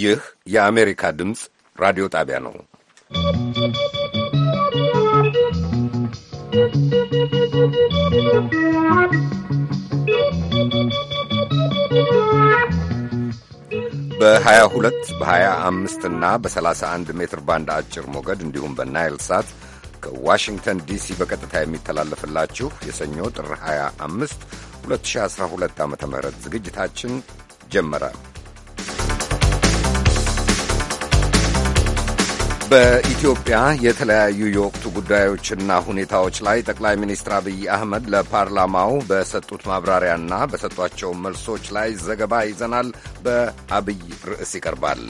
ይህ የአሜሪካ ድምፅ ራዲዮ ጣቢያ ነው። በ22 በ25 እና በ31 ሜትር ባንድ አጭር ሞገድ እንዲሁም በናይል ሳት ከዋሽንግተን ዲሲ በቀጥታ የሚተላለፍላችሁ የሰኞ ጥር 25 2012 ዓ ም ዝግጅታችን ጀመረ። በኢትዮጵያ የተለያዩ የወቅቱ ጉዳዮችና ሁኔታዎች ላይ ጠቅላይ ሚኒስትር አብይ አህመድ ለፓርላማው በሰጡት ማብራሪያና በሰጧቸው መልሶች ላይ ዘገባ ይዘናል። በአብይ ርዕስ ይቀርባል።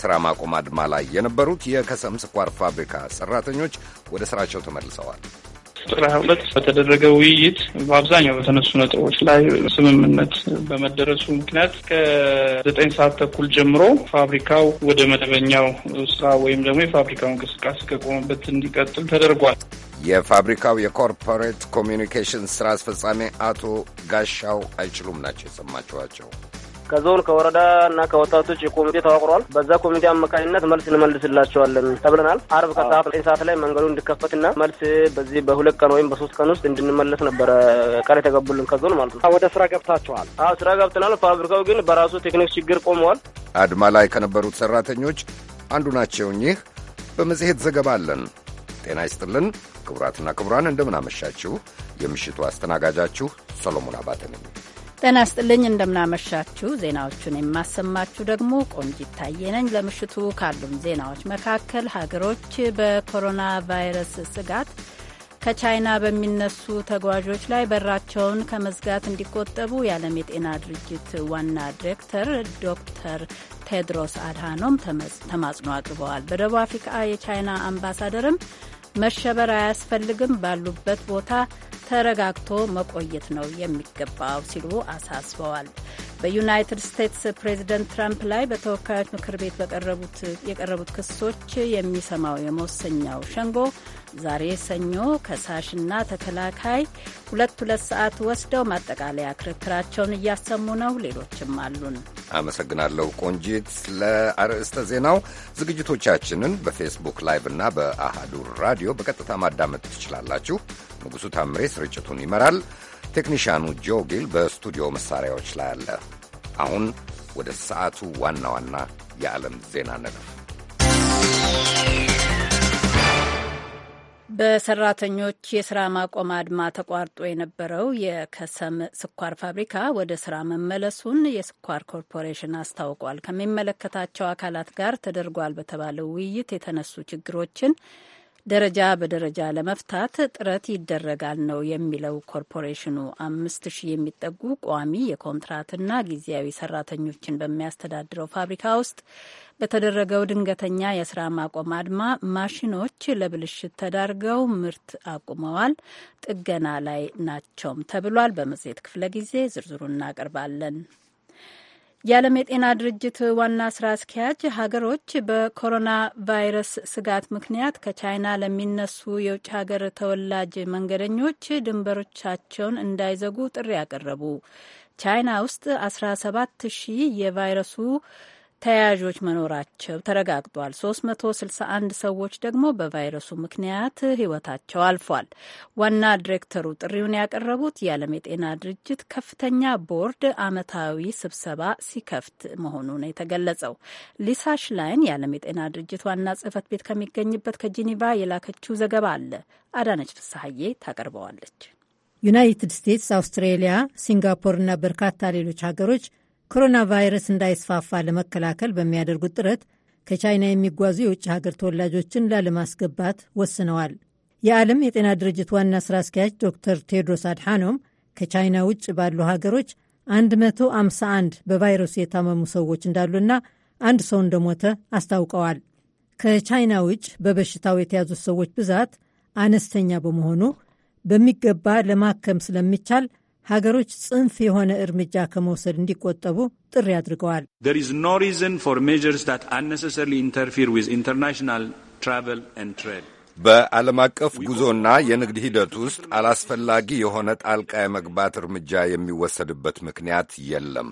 ሥራ ማቆም አድማ ላይ የነበሩት የከሰም ስኳር ፋብሪካ ሠራተኞች ወደ ሥራቸው ተመልሰዋል። ቁጥር ሀያ ሁለት በተደረገ ውይይት በአብዛኛው በተነሱ ነጥቦች ላይ ስምምነት በመደረሱ ምክንያት ከዘጠኝ ሰዓት ተኩል ጀምሮ ፋብሪካው ወደ መደበኛው ስራ ወይም ደግሞ የፋብሪካው እንቅስቃሴ ከቆመበት እንዲቀጥል ተደርጓል። የፋብሪካው የኮርፖሬት ኮሚኒኬሽን ስራ አስፈጻሚ አቶ ጋሻው አይችሉም ናቸው የሰማችኋቸው። ከዞን ከወረዳ እና ከወጣቶች ኮሚቴ ተዋቅሯል። በዛ ኮሚቴ አማካኝነት መልስ እንመልስላቸዋለን ተብለናል። አርብ ከሰዓት ሰዓት ላይ መንገዱ እንዲከፈትና መልስ በዚህ በሁለት ቀን ወይም በሶስት ቀን ውስጥ እንድንመለስ ነበረ ቃል የተገቡልን ከዞን ማለት ነው። ወደ ስራ ገብታችኋል? አዎ ስራ ገብተናል። ፋብሪካው ግን በራሱ ቴክኒክ ችግር ቆመዋል። አድማ ላይ ከነበሩት ሰራተኞች አንዱ ናቸው እኚህ። በመጽሔት ዘገባ አለን። ጤና ይስጥልን ክቡራትና ክቡራን፣ እንደምን አመሻችሁ። የምሽቱ አስተናጋጃችሁ ሰሎሞን አባተ ነኝ። ጤና ስጥልኝ እንደምናመሻችሁ። ዜናዎቹን የማሰማችሁ ደግሞ ቆንጂት ታየ ነኝ። ለምሽቱ ካሉን ዜናዎች መካከል ሀገሮች በኮሮና ቫይረስ ስጋት ከቻይና በሚነሱ ተጓዦች ላይ በራቸውን ከመዝጋት እንዲቆጠቡ የዓለም የጤና ድርጅት ዋና ዲሬክተር ዶክተር ቴድሮስ አድሃኖም ተማጽኖ አቅርበዋል። በደቡብ አፍሪካ የቻይና አምባሳደርም መሸበር አያስፈልግም ባሉበት ቦታ ተረጋግቶ መቆየት ነው የሚገባው ሲሉ አሳስበዋል። በዩናይትድ ስቴትስ ፕሬዝደንት ትራምፕ ላይ በተወካዮች ምክር ቤት የቀረቡት ክሶች የሚሰማው የመወሰኛው ሸንጎ ዛሬ ሰኞ ከሳሽና ተከላካይ ሁለት ሁለት ሰዓት ወስደው ማጠቃለያ ክርክራቸውን እያሰሙ ነው። ሌሎችም አሉን። አመሰግናለሁ ቆንጂት ለአርዕስተ ዜናው። ዝግጅቶቻችንን በፌስቡክ ላይቭ እና በአሃዱ ራዲዮ በቀጥታ ማዳመጥ ትችላላችሁ። ንጉሡ ታምሬ ስርጭቱን ይመራል። ቴክኒሽያኑ ጆ ጊል በስቱዲዮ መሳሪያዎች ላይ አለ። አሁን ወደ ሰዓቱ ዋና ዋና የዓለም ዜና ነጥብ። በሰራተኞች የስራ ማቆም አድማ ተቋርጦ የነበረው የከሰም ስኳር ፋብሪካ ወደ ስራ መመለሱን የስኳር ኮርፖሬሽን አስታውቋል። ከሚመለከታቸው አካላት ጋር ተደርጓል በተባለው ውይይት የተነሱ ችግሮችን ደረጃ በደረጃ ለመፍታት ጥረት ይደረጋል ነው የሚለው ኮርፖሬሽኑ። አምስት ሺህ የሚጠጉ ቋሚ የኮንትራትና ጊዜያዊ ሰራተኞችን በሚያስተዳድረው ፋብሪካ ውስጥ በተደረገው ድንገተኛ የስራ ማቆም አድማ ማሽኖች ለብልሽት ተዳርገው ምርት አቁመዋል፣ ጥገና ላይ ናቸውም ተብሏል። በመጽሔት ክፍለ ጊዜ ዝርዝሩ እናቀርባለን። የዓለም የጤና ድርጅት ዋና ስራ አስኪያጅ ሀገሮች በኮሮና ቫይረስ ስጋት ምክንያት ከቻይና ለሚነሱ የውጭ ሀገር ተወላጅ መንገደኞች ድንበሮቻቸውን እንዳይዘጉ ጥሪ አቀረቡ። ቻይና ውስጥ 17 ሺህ የቫይረሱ ተያያዦች መኖራቸው ተረጋግጧል። 361 ሰዎች ደግሞ በቫይረሱ ምክንያት ሕይወታቸው አልፏል። ዋና ዲሬክተሩ ጥሪውን ያቀረቡት የዓለም የጤና ድርጅት ከፍተኛ ቦርድ ዓመታዊ ስብሰባ ሲከፍት መሆኑ ነው የተገለጸው። ሊሳ ሽላይን የዓለም የጤና ድርጅት ዋና ጽሕፈት ቤት ከሚገኝበት ከጂኒቫ የላከችው ዘገባ አለ። አዳነች ፍስሐዬ ታቀርበዋለች። ዩናይትድ ስቴትስ፣ አውስትሬሊያ፣ ሲንጋፖርና በርካታ ሌሎች ሀገሮች ኮሮና ቫይረስ እንዳይስፋፋ ለመከላከል በሚያደርጉት ጥረት ከቻይና የሚጓዙ የውጭ ሀገር ተወላጆችን ላለማስገባት ወስነዋል። የዓለም የጤና ድርጅት ዋና ስራ አስኪያጅ ዶክተር ቴድሮስ አድሓኖም ከቻይና ውጭ ባሉ ሀገሮች 151 በቫይረሱ የታመሙ ሰዎች እንዳሉና አንድ ሰው እንደሞተ አስታውቀዋል። ከቻይና ውጭ በበሽታው የተያዙት ሰዎች ብዛት አነስተኛ በመሆኑ በሚገባ ለማከም ስለሚቻል ሀገሮች ጽንፍ የሆነ እርምጃ ከመውሰድ እንዲቆጠቡ ጥሪ አድርገዋል። በዓለም አቀፍ ጉዞና የንግድ ሂደት ውስጥ አላስፈላጊ የሆነ ጣልቃ የመግባት እርምጃ የሚወሰድበት ምክንያት የለም።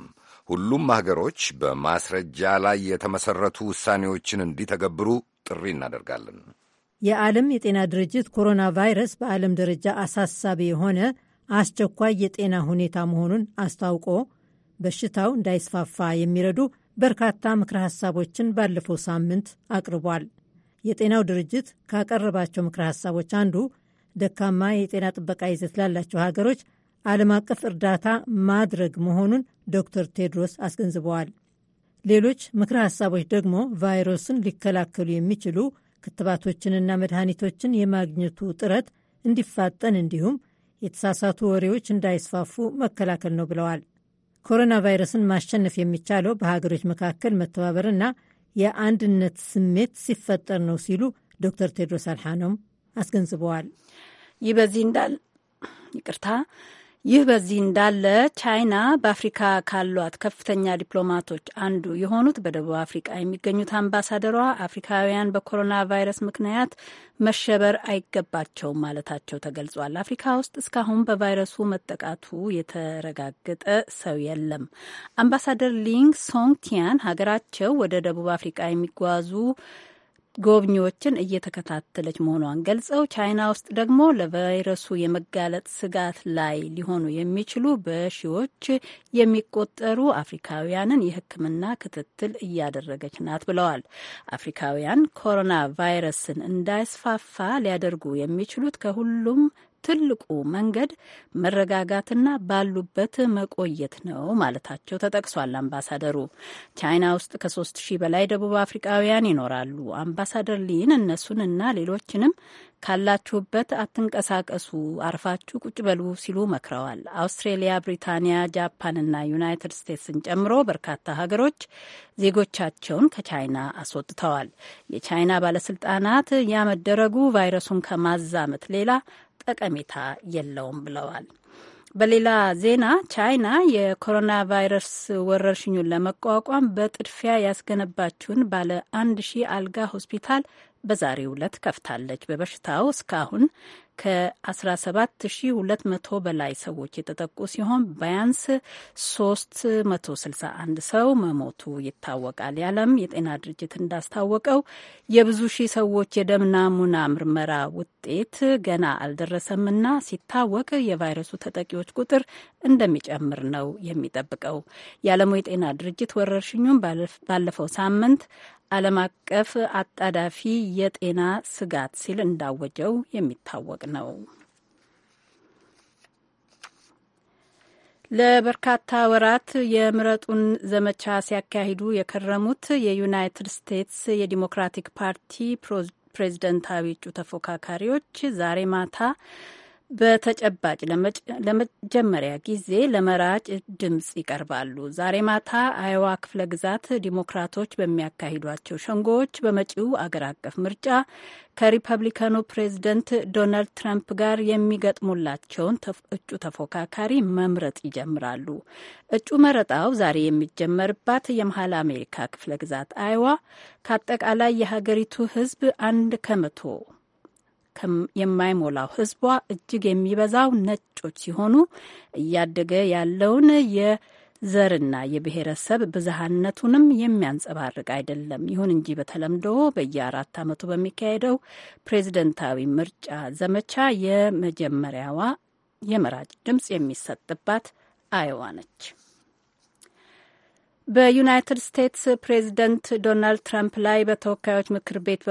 ሁሉም ሀገሮች በማስረጃ ላይ የተመሰረቱ ውሳኔዎችን እንዲተገብሩ ጥሪ እናደርጋለን። የዓለም የጤና ድርጅት ኮሮና ቫይረስ በዓለም ደረጃ አሳሳቢ የሆነ አስቸኳይ የጤና ሁኔታ መሆኑን አስታውቆ በሽታው እንዳይስፋፋ የሚረዱ በርካታ ምክረ ሀሳቦችን ባለፈው ሳምንት አቅርቧል። የጤናው ድርጅት ካቀረባቸው ምክረ ሀሳቦች አንዱ ደካማ የጤና ጥበቃ ይዘት ላላቸው ሀገሮች ዓለም አቀፍ እርዳታ ማድረግ መሆኑን ዶክተር ቴድሮስ አስገንዝበዋል። ሌሎች ምክረ ሀሳቦች ደግሞ ቫይረሱን ሊከላከሉ የሚችሉ ክትባቶችንና መድኃኒቶችን የማግኘቱ ጥረት እንዲፋጠን እንዲሁም የተሳሳቱ ወሬዎች እንዳይስፋፉ መከላከል ነው ብለዋል። ኮሮና ቫይረስን ማሸነፍ የሚቻለው በሀገሮች መካከል መተባበርና የአንድነት ስሜት ሲፈጠር ነው ሲሉ ዶክተር ቴድሮስ አድሓኖም አስገንዝበዋል። ይህ በዚህ እንዳል ይቅርታ ይህ በዚህ እንዳለ ቻይና በአፍሪካ ካሏት ከፍተኛ ዲፕሎማቶች አንዱ የሆኑት በደቡብ አፍሪካ የሚገኙት አምባሳደሯ አፍሪካውያን በኮሮና ቫይረስ ምክንያት መሸበር አይገባቸውም ማለታቸው ተገልጿል። አፍሪካ ውስጥ እስካሁን በቫይረሱ መጠቃቱ የተረጋገጠ ሰው የለም። አምባሳደር ሊንግ ሶንግ ቲያን ሀገራቸው ወደ ደቡብ አፍሪካ የሚጓዙ ጎብኚዎችን እየተከታተለች መሆኗን ገልጸው ቻይና ውስጥ ደግሞ ለቫይረሱ የመጋለጥ ስጋት ላይ ሊሆኑ የሚችሉ በሺዎች የሚቆጠሩ አፍሪካውያንን የሕክምና ክትትል እያደረገች ናት ብለዋል። አፍሪካውያን ኮሮና ቫይረስን እንዳይስፋፋ ሊያደርጉ የሚችሉት ከሁሉም ትልቁ መንገድ መረጋጋትና ባሉበት መቆየት ነው ማለታቸው ተጠቅሷል። አምባሳደሩ ቻይና ውስጥ ከሶስት ሺህ በላይ ደቡብ አፍሪካውያን ይኖራሉ። አምባሳደር ሊን እነሱንና ሌሎችንም ካላችሁበት አትንቀሳቀሱ፣ አርፋችሁ ቁጭ በሉ ሲሉ መክረዋል። አውስትሬሊያ፣ ብሪታንያ፣ ጃፓንና ዩናይትድ ስቴትስን ጨምሮ በርካታ ሀገሮች ዜጎቻቸውን ከቻይና አስወጥተዋል። የቻይና ባለስልጣናት ያመደረጉ ቫይረሱን ከማዛመት ሌላ ጠቀሜታ የለውም ብለዋል። በሌላ ዜና ቻይና የኮሮና ቫይረስ ወረርሽኙን ለመቋቋም በጥድፊያ ያስገነባችውን ባለ አንድ ሺህ አልጋ ሆስፒታል በዛሬው ዕለት ከፍታለች። በበሽታው እስካሁን ከ17200 በላይ ሰዎች የተጠቁ ሲሆን ቢያንስ 361 ሰው መሞቱ ይታወቃል። የዓለም የጤና ድርጅት እንዳስታወቀው የብዙ ሺህ ሰዎች የደም ናሙና ምርመራ ውጤት ገና አልደረሰምና ሲታወቅ የቫይረሱ ተጠቂዎች ቁጥር እንደሚጨምር ነው የሚጠብቀው። የዓለሙ የጤና ድርጅት ወረርሽኙን ባለፈው ሳምንት ዓለም አቀፍ አጣዳፊ የጤና ስጋት ሲል እንዳወጀው የሚታወቅ ነው። ለበርካታ ወራት የምረጡን ዘመቻ ሲያካሂዱ የከረሙት የዩናይትድ ስቴትስ የዲሞክራቲክ ፓርቲ ፕሬዝደንታዊ እጩ ተፎካካሪዎች ዛሬ ማታ በተጨባጭ ለመጀመሪያ ጊዜ ለመራጭ ድምፅ ይቀርባሉ። ዛሬ ማታ አይዋ ክፍለ ግዛት ዲሞክራቶች በሚያካሂዷቸው ሸንጎዎች በመጪው አገር አቀፍ ምርጫ ከሪፐብሊካኑ ፕሬዝደንት ዶናልድ ትራምፕ ጋር የሚገጥሙላቸውን እጩ ተፎካካሪ መምረጥ ይጀምራሉ። እጩ መረጣው ዛሬ የሚጀመርባት የመሀል አሜሪካ ክፍለ ግዛት አይዋ ከአጠቃላይ የሀገሪቱ ሕዝብ አንድ ከመቶ የማይሞላው ህዝቧ እጅግ የሚበዛው ነጮች ሲሆኑ እያደገ ያለውን የዘርና የብሔረሰብ ብዝሃነቱንም የሚያንጸባርቅ አይደለም። ይሁን እንጂ በተለምዶ በየአራት ዓመቱ በሚካሄደው ፕሬዝደንታዊ ምርጫ ዘመቻ የመጀመሪያዋ የመራጭ ድምፅ የሚሰጥባት አይዋ ነች። በዩናይትድ ስቴትስ ፕሬዚደንት ዶናልድ ትራምፕ ላይ በተወካዮች ምክር ቤት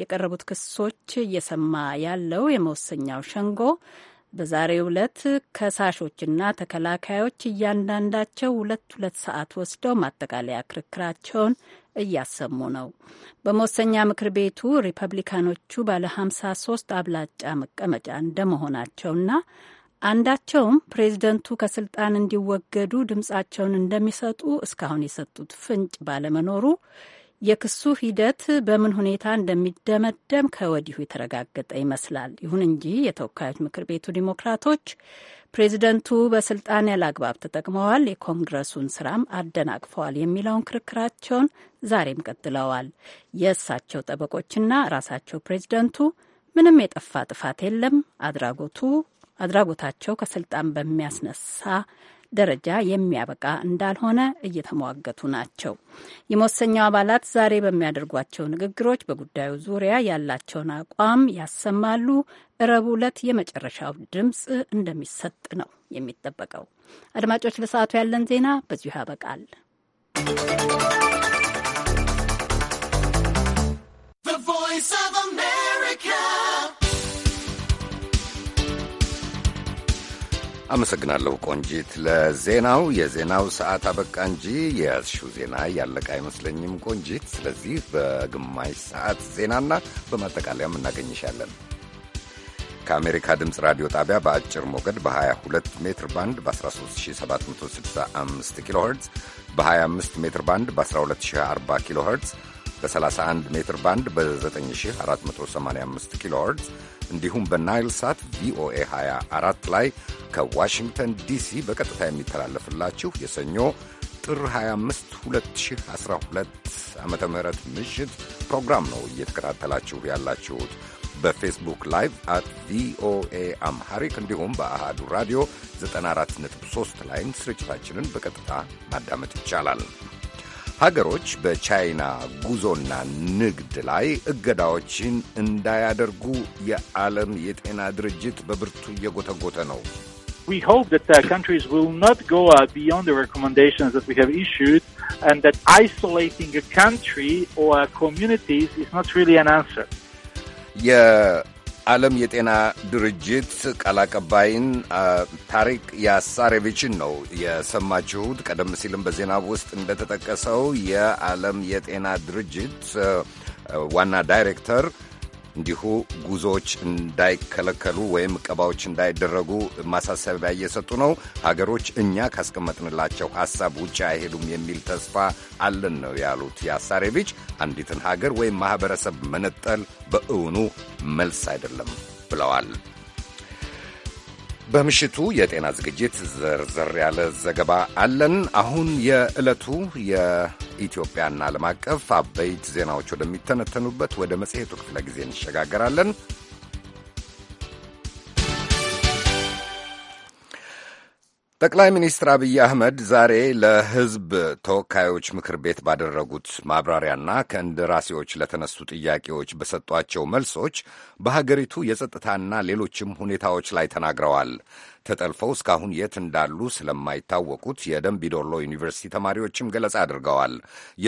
የቀረቡት ክሶች እየሰማ ያለው የመወሰኛው ሸንጎ በዛሬው ዕለት ከሳሾችና ተከላካዮች እያንዳንዳቸው ሁለት ሁለት ሰዓት ወስደው ማጠቃለያ ክርክራቸውን እያሰሙ ነው። በመወሰኛ ምክር ቤቱ ሪፐብሊካኖቹ ባለ 53 አብላጫ መቀመጫ እንደመሆናቸውና አንዳቸውም ፕሬዝደንቱ ከስልጣን እንዲወገዱ ድምፃቸውን እንደሚሰጡ እስካሁን የሰጡት ፍንጭ ባለመኖሩ የክሱ ሂደት በምን ሁኔታ እንደሚደመደም ከወዲሁ የተረጋገጠ ይመስላል። ይሁን እንጂ የተወካዮች ምክር ቤቱ ዲሞክራቶች ፕሬዚደንቱ በስልጣን ያለ አግባብ ተጠቅመዋል፣ የኮንግረሱን ስራም አደናቅፈዋል የሚለውን ክርክራቸውን ዛሬም ቀጥለዋል። የእሳቸው ጠበቆችና ራሳቸው ፕሬዚደንቱ ምንም የጠፋ ጥፋት የለም፣ አድራጎቱ አድራጎታቸው ከስልጣን በሚያስነሳ ደረጃ የሚያበቃ እንዳልሆነ እየተሟገቱ ናቸው። የመወሰኛው አባላት ዛሬ በሚያደርጓቸው ንግግሮች በጉዳዩ ዙሪያ ያላቸውን አቋም ያሰማሉ። ረቡዕ ዕለት የመጨረሻው ድምፅ እንደሚሰጥ ነው የሚጠበቀው። አድማጮች፣ ለሰዓቱ ያለን ዜና በዚሁ ያበቃል። ቮይስ ኦፍ አሜሪካ አመሰግናለሁ ቆንጂት ለዜናው። የዜናው ሰዓት አበቃ እንጂ የያዝሽው ዜና ያለቀ አይመስለኝም ቆንጂት። ስለዚህ በግማሽ ሰዓት ዜናና በማጠቃለያም እናገኝሻለን። ከአሜሪካ ድምፅ ራዲዮ ጣቢያ በአጭር ሞገድ በ22 ሜትር ባንድ በ13765 ኪሎ ኸርትዝ በ25 ሜትር ባንድ በ1240 ኪሎ ኸርትዝ በ31 ሜትር ባንድ በ9485 ኪሎ ኸርትዝ እንዲሁም በናይል ሳት ቪኦኤ 24 ላይ ከዋሽንግተን ዲሲ በቀጥታ የሚተላለፍላችሁ የሰኞ ጥር 25 2012 ዓ ም ምሽት ፕሮግራም ነው እየተከታተላችሁ ያላችሁት። በፌስቡክ ላይቭ አት ቪኦኤ አምሃሪክ እንዲሁም በአሃዱ ራዲዮ 94.3 ላይም ስርጭታችንን በቀጥታ ማዳመጥ ይቻላል። ሀገሮች በቻይና ጉዞና ንግድ ላይ እገዳዎችን እንዳያደርጉ የዓለም የጤና ድርጅት በብርቱ እየጎተጎተ ነው። We hope that uh, countries will not go uh, beyond the recommendations that we have issued and that isolating a country or uh, communities is not really an answer. የዓለም የጤና ድርጅት ቃል አቀባይን ታሪክ ያሳሬቪችን ነው የሰማችሁት። ቀደም ሲልም በዜና ውስጥ እንደተጠቀሰው የዓለም የጤና ድርጅት ዋና ዳይሬክተር እንዲሁ ጉዞዎች እንዳይከለከሉ ወይም ቀባዎች እንዳይደረጉ ማሳሰቢያ እየሰጡ ነው። ሀገሮች እኛ ካስቀመጥንላቸው ሀሳብ ውጭ አይሄዱም የሚል ተስፋ አለን ነው ያሉት የአሳሬቪች። አንዲትን ሀገር ወይም ማህበረሰብ መነጠል በእውኑ መልስ አይደለም ብለዋል። በምሽቱ የጤና ዝግጅት ዘርዘር ያለ ዘገባ አለን። አሁን የዕለቱ የኢትዮጵያና ዓለም አቀፍ አበይት ዜናዎች ወደሚተነተኑበት ወደ መጽሔቱ ክፍለ ጊዜ እንሸጋገራለን። ጠቅላይ ሚኒስትር አብይ አህመድ ዛሬ ለሕዝብ ተወካዮች ምክር ቤት ባደረጉት ማብራሪያና ከእንደራሴዎች ለተነሱ ጥያቄዎች በሰጧቸው መልሶች በሀገሪቱ የጸጥታና ሌሎችም ሁኔታዎች ላይ ተናግረዋል። ተጠልፈው እስካሁን የት እንዳሉ ስለማይታወቁት የደምቢዶሎ ዩኒቨርሲቲ ተማሪዎችም ገለጻ አድርገዋል።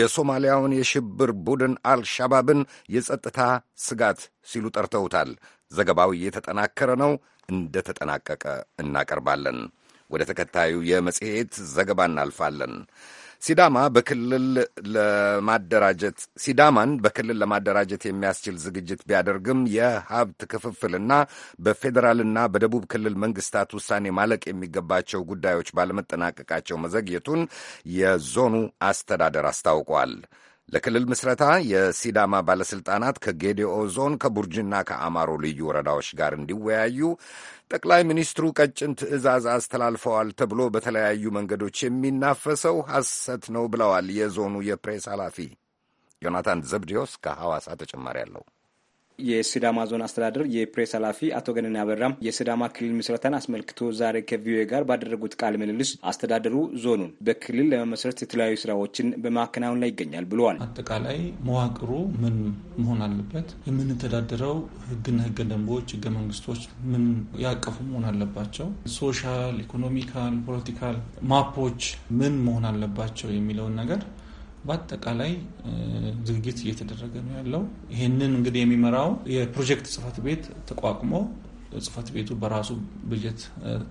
የሶማሊያውን የሽብር ቡድን አልሻባብን የጸጥታ ስጋት ሲሉ ጠርተውታል። ዘገባው እየተጠናከረ ነው። እንደተጠናቀቀ እናቀርባለን። ወደ ተከታዩ የመጽሔት ዘገባ እናልፋለን። ሲዳማ በክልል ለማደራጀት ሲዳማን በክልል ለማደራጀት የሚያስችል ዝግጅት ቢያደርግም የሀብት ክፍፍልና በፌዴራልና በደቡብ ክልል መንግስታት ውሳኔ ማለቅ የሚገባቸው ጉዳዮች ባለመጠናቀቃቸው መዘግየቱን የዞኑ አስተዳደር አስታውቋል። ለክልል ምስረታ የሲዳማ ባለሥልጣናት ከጌዲኦ ዞን ከቡርጅና ከአማሮ ልዩ ወረዳዎች ጋር እንዲወያዩ ጠቅላይ ሚኒስትሩ ቀጭን ትዕዛዝ አስተላልፈዋል ተብሎ በተለያዩ መንገዶች የሚናፈሰው ሐሰት ነው ብለዋል የዞኑ የፕሬስ ኃላፊ ዮናታን ዘብዲዮስ ከሐዋሳ ተጨማሪ አለው። የሲዳማ ዞን አስተዳደር የፕሬስ ኃላፊ አቶ ገነን አበራም የሲዳማ ክልል ምስረታን አስመልክቶ ዛሬ ከቪኦኤ ጋር ባደረጉት ቃለ ምልልስ አስተዳደሩ ዞኑን በክልል ለመመስረት የተለያዩ ስራዎችን በማከናወን ላይ ይገኛል ብለዋል። አጠቃላይ መዋቅሩ ምን መሆን አለበት? የምንተዳደረው ህግና ህገ ደንቦች፣ ህገ መንግስቶች ምን ያቀፉ መሆን አለባቸው? ሶሻል፣ ኢኮኖሚካል፣ ፖለቲካል ማፖች ምን መሆን አለባቸው የሚለውን ነገር በአጠቃላይ ዝግጅት እየተደረገ ነው ያለው። ይህንን እንግዲህ የሚመራው የፕሮጀክት ጽህፈት ቤት ተቋቁሞ ጽህፈት ቤቱ በራሱ በጀት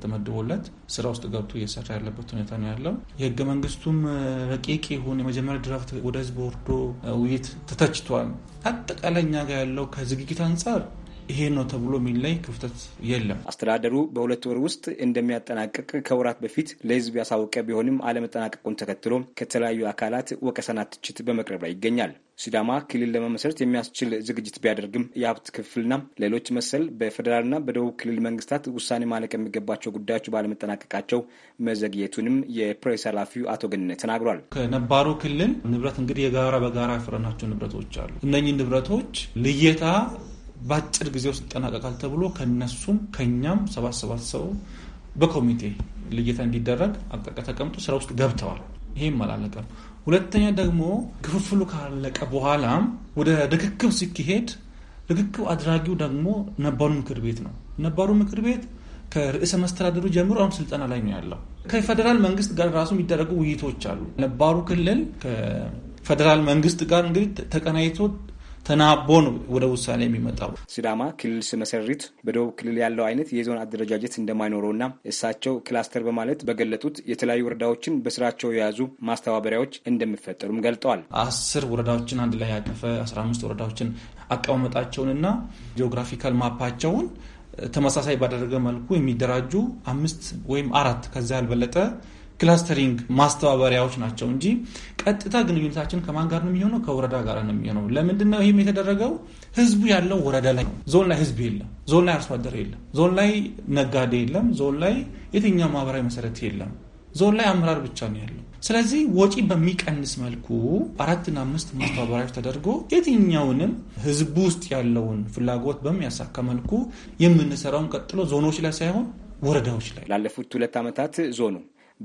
ተመድቦለት ስራ ውስጥ ገብቶ እየሰራ ያለበት ሁኔታ ነው ያለው። የህገ መንግስቱም ረቂቅ ይሁን የመጀመሪያ ድራፍት ወደ ህዝብ ወርዶ ውይይት ተተችቷል። አጠቃላይ እኛ ጋር ያለው ከዝግጅት አንጻር ይሄ ነው ተብሎ ላይ ክፍተት የለም። አስተዳደሩ በሁለት ወር ውስጥ እንደሚያጠናቅቅ ከወራት በፊት ለህዝብ ያሳወቀ ቢሆንም አለመጠናቀቁን ተከትሎ ከተለያዩ አካላት ወቀሰና ትችት በመቅረብ ላይ ይገኛል። ሲዳማ ክልል ለመመስረት የሚያስችል ዝግጅት ቢያደርግም የሀብት ክፍልና ሌሎች መሰል በፌዴራልና በደቡብ ክልል መንግስታት ውሳኔ ማለቅ የሚገባቸው ጉዳዮች ባለመጠናቀቃቸው መዘግየቱንም የፕሬስ ኃላፊው አቶ ገነት ተናግሯል። ከነባሩ ክልል ንብረት እንግዲህ የጋራ በጋራ ያፈራናቸው ንብረቶች አሉ። እነኚህ ንብረቶች ልየታ በአጭር ጊዜ ውስጥ ይጠናቀቃል ተብሎ ከነሱም ከኛም ሰባት ሰባት ሰው በኮሚቴ ልየታ እንዲደረግ አቅጣጫ ተቀምጦ ስራ ውስጥ ገብተዋል። ይሄም አላለቀም። ሁለተኛ ደግሞ ክፍፍሉ ካለቀ በኋላም ወደ ርክክብ ሲካሄድ ርክክብ አድራጊው ደግሞ ነባሩ ምክር ቤት ነው። ነባሩ ምክር ቤት ከርዕሰ መስተዳደሩ ጀምሮ አሁን ስልጠና ላይ ነው ያለው። ከፌዴራል መንግስት ጋር ራሱ የሚደረጉ ውይይቶች አሉ። ነባሩ ክልል ከፌዴራል መንግስት ጋር እንግዲህ ተቀናይቶ ተናቦ ነው ወደ ውሳኔ የሚመጣው። ሲዳማ ክልል ስመሰሪት በደቡብ ክልል ያለው አይነት የዞን አደረጃጀት እንደማይኖረውና እሳቸው ክላስተር በማለት በገለጡት የተለያዩ ወረዳዎችን በስራቸው የያዙ ማስተባበሪያዎች እንደሚፈጠሩም ገልጠዋል። አስር ወረዳዎችን አንድ ላይ ያቀፈ አስራ አምስት ወረዳዎችን አቀማመጣቸውንና ጂኦግራፊካል ማፓቸውን ተመሳሳይ ባደረገ መልኩ የሚደራጁ አምስት ወይም አራት ከዚያ ያልበለጠ ክላስተሪንግ ማስተባበሪያዎች ናቸው እንጂ ቀጥታ ግንኙነታችን ከማን ጋር ነው የሚሆነው? ከወረዳ ጋር ነው የሚሆነው። ለምንድን ነው ይህም የተደረገው? ህዝቡ ያለው ወረዳ ላይ ነው። ዞን ላይ ህዝብ የለም። ዞን ላይ አርሶ አደር የለም። ዞን ላይ ነጋዴ የለም። ዞን ላይ የትኛው ማህበራዊ መሰረት የለም። ዞን ላይ አመራር ብቻ ነው ያለው። ስለዚህ ወጪ በሚቀንስ መልኩ አራትና አምስት ማስተባበሪያዎች ተደርጎ የትኛውንም ህዝቡ ውስጥ ያለውን ፍላጎት በሚያሳካ መልኩ የምንሰራውን ቀጥሎ ዞኖች ላይ ሳይሆን ወረዳዎች ላይ ላለፉት ሁለት ዓመታት ዞኑ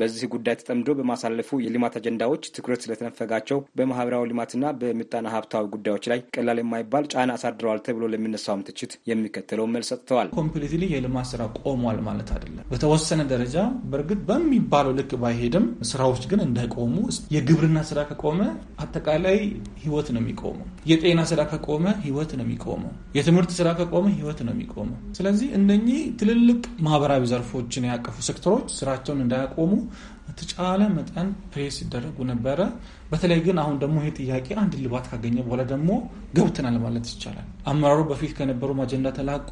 በዚህ ጉዳይ ተጠምዶ በማሳለፉ የልማት አጀንዳዎች ትኩረት ስለተነፈጋቸው በማህበራዊ ልማትና በምጣኔ ሀብታዊ ጉዳዮች ላይ ቀላል የማይባል ጫና አሳድረዋል ተብሎ ለሚነሳውም ትችት የሚከተለው መልስ ሰጥተዋል። ኮምፕሊትሊ የልማት ስራ ቆሟል ማለት አይደለም። በተወሰነ ደረጃ በእርግጥ በሚባለው ልክ ባይሄድም ስራዎች ግን እንዳይቆሙ የግብርና ስራ ከቆመ አጠቃላይ ህይወት ነው የሚቆመው። የጤና ስራ ከቆመ ህይወት ነው የሚቆመው። የትምህርት ስራ ከቆመ ህይወት ነው የሚቆመው። ስለዚህ እነኚህ ትልልቅ ማህበራዊ ዘርፎችን ያቀፉ ሴክተሮች ስራቸውን እንዳያቆሙ ተጫለ መጠን ፕሬስ ሲደረጉ ነበረ። በተለይ ግን አሁን ደግሞ ይህ ጥያቄ አንድ ልባት ካገኘ በኋላ ደግሞ ገብተናል ማለት ይቻላል። አመራሩ በፊት ከነበሩ አጀንዳ ተላቆ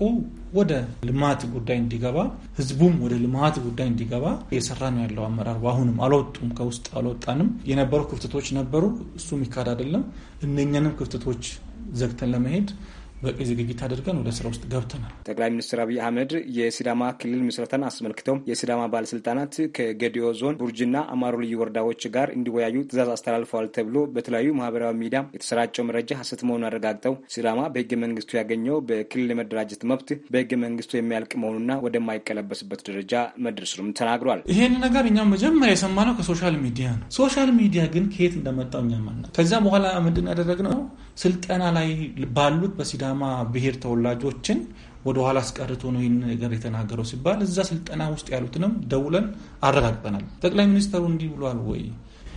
ወደ ልማት ጉዳይ እንዲገባ፣ ህዝቡም ወደ ልማት ጉዳይ እንዲገባ እየሰራ ነው ያለው አመራር። አሁንም አልወጡም፣ ከውስጥ አልወጣንም። የነበሩ ክፍተቶች ነበሩ፣ እሱ የሚካድ አይደለም። እነኛንም ክፍተቶች ዘግተን ለመሄድ በቂ ዝግጅት አድርገን ወደ ስራ ውስጥ ገብተናል። ጠቅላይ ሚኒስትር አብይ አህመድ የሲዳማ ክልል ምስረተን አስመልክተው የሲዳማ ባለስልጣናት ከገዲዮ ዞን ቡርጅና አማሮ ልዩ ወረዳዎች ጋር እንዲወያዩ ትእዛዝ አስተላልፈዋል ተብሎ በተለያዩ ማህበራዊ ሚዲያ የተሰራጨው መረጃ ሀሰት መሆኑን አረጋግጠው ሲዳማ በህገ መንግስቱ ያገኘው በክልል የመደራጀት መብት በህገ መንግስቱ የሚያልቅ መሆኑና ወደማይቀለበስበት ደረጃ መድረሱንም ተናግሯል። ይህን ነገር እኛ መጀመሪያ የሰማነው ከሶሻል ሚዲያ ነው። ሶሻል ሚዲያ ግን ከየት እንደመጣው እኛ አናውቅም። ከዚያ በኋላ ምንድን ያደረግነው ስልጠና ላይ ባሉት በሲዳ የሲዳማ ብሔር ተወላጆችን ወደ ኋላ አስቀርቶ ነው ይህን ነገር የተናገረው ሲባል እዛ ስልጠና ውስጥ ያሉትንም ደውለን አረጋግጠናል። ጠቅላይ ሚኒስትሩ እንዲህ ብሏል ወይ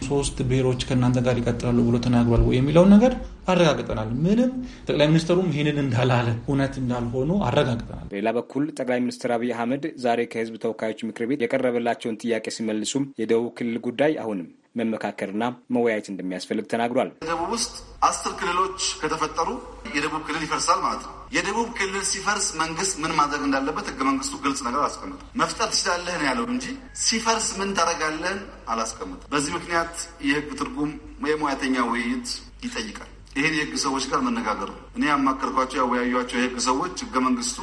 ሶስት ብሔሮች ከእናንተ ጋር ይቀጥላሉ ብሎ ተናግሯል ወይ የሚለውን ነገር አረጋግጠናል። ምንም ጠቅላይ ሚኒስተሩም ይህንን እንዳላለ እውነት እንዳልሆኑ አረጋግጠናል። በሌላ በኩል ጠቅላይ ሚኒስትር አብይ አህመድ ዛሬ ከህዝብ ተወካዮች ምክር ቤት የቀረበላቸውን ጥያቄ ሲመልሱም የደቡብ ክልል ጉዳይ አሁንም መመካከርና መወያየት እንደሚያስፈልግ ተናግሯል። ደቡብ ውስጥ አስር ክልሎች ከተፈጠሩ የደቡብ ክልል ይፈርሳል ማለት ነው። የደቡብ ክልል ሲፈርስ መንግስት ምን ማድረግ እንዳለበት ህገ መንግስቱ ግልጽ ነገር አስቀምጥ መፍጠር ትችላለህ ነው ያለው እንጂ ሲፈርስ ምን ታደርጋለህን አላስቀምጥ። በዚህ ምክንያት የህግ ትርጉም የሙያተኛ ውይይት ይጠይቃል። ይህን የህግ ሰዎች ጋር መነጋገር ነው። እኔ ያማከርኳቸው ያወያዩቸው የህግ ሰዎች ህገ መንግስቱ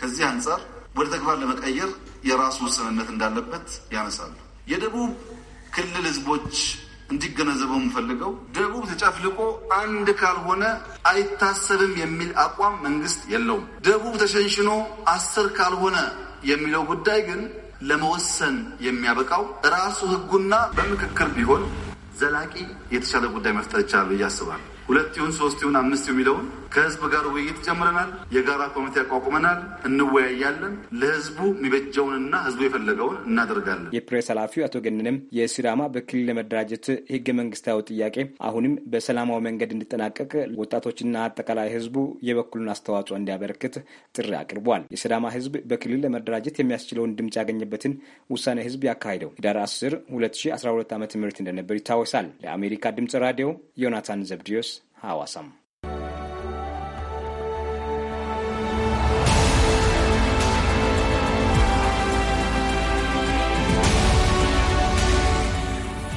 ከዚህ አንጻር ወደ ተግባር ለመቀየር የራሱ ውስንነት እንዳለበት ያነሳሉ። የደቡብ ክልል ህዝቦች እንዲገነዘበው የምፈልገው ደቡብ ተጨፍልቆ አንድ ካልሆነ አይታሰብም የሚል አቋም መንግስት የለውም። ደቡብ ተሸንሽኖ አስር ካልሆነ የሚለው ጉዳይ ግን ለመወሰን የሚያበቃው ራሱ ህጉና በምክክር ቢሆን ዘላቂ የተሻለ ጉዳይ መፍጠር ይቻላል ብዬ አስባለሁ። ሁለት ይሁን ሶስት ይሁን አምስት የሚለውን ከህዝብ ጋር ውይይት ጀምረናል። የጋራ ኮሚቴ አቋቁመናል። እንወያያለን። ለህዝቡ የሚበጀውንና ህዝቡ የፈለገውን እናደርጋለን። የፕሬስ ኃላፊው አቶ ገንንም የሲዳማ በክልል ለመደራጀት ህገ መንግስታዊ ጥያቄ አሁንም በሰላማዊ መንገድ እንዲጠናቀቅ ወጣቶችና አጠቃላይ ህዝቡ የበኩሉን አስተዋጽኦ እንዲያበረክት ጥሪ አቅርቧል። የሲዳማ ህዝብ በክልል ለመደራጀት የሚያስችለውን ድምጽ ያገኘበትን ውሳኔ ህዝብ ያካሄደው ህዳር 10 2012 ዓ ም እንደነበር ይታወሳል። ለአሜሪካ ድምፅ ራዲዮ ዮናታን ዘብዲዮስ ሐዋሳም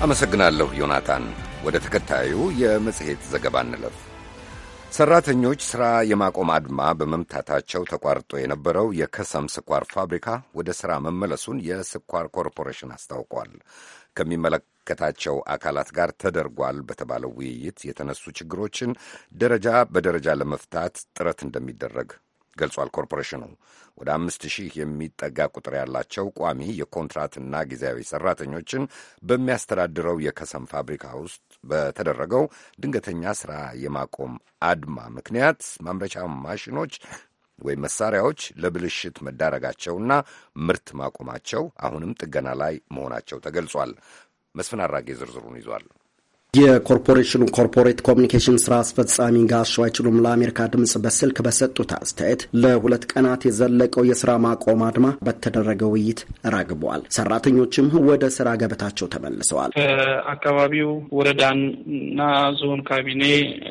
አመሰግናለሁ ዮናታን። ወደ ተከታዩ የመጽሔት ዘገባ እንለፍ። ሠራተኞች ሥራ የማቆም አድማ በመምታታቸው ተቋርጦ የነበረው የከሰም ስኳር ፋብሪካ ወደ ሥራ መመለሱን የስኳር ኮርፖሬሽን አስታውቋል። ከሚመለከታቸው አካላት ጋር ተደርጓል በተባለው ውይይት የተነሱ ችግሮችን ደረጃ በደረጃ ለመፍታት ጥረት እንደሚደረግ ገልጿል። ኮርፖሬሽኑ ወደ አምስት ሺህ የሚጠጋ ቁጥር ያላቸው ቋሚ የኮንትራትና ጊዜያዊ ሰራተኞችን በሚያስተዳድረው የከሰም ፋብሪካ ውስጥ በተደረገው ድንገተኛ ስራ የማቆም አድማ ምክንያት ማምረቻ ማሽኖች ወይም መሳሪያዎች ለብልሽት መዳረጋቸውና ምርት ማቆማቸው አሁንም ጥገና ላይ መሆናቸው ተገልጿል። መስፍን አራጌ ዝርዝሩን ይዟል። የኮርፖሬሽኑ ኮርፖሬት ኮሚኒኬሽን ስራ አስፈጻሚ ጋሻ አይችሉም ለአሜሪካ ድምፅ በስልክ በሰጡት አስተያየት ለሁለት ቀናት የዘለቀው የስራ ማቆም አድማ በተደረገ ውይይት ራግቧል። ሰራተኞችም ወደ ስራ ገበታቸው ተመልሰዋል። ከአካባቢው ወረዳና ዞን ካቢኔ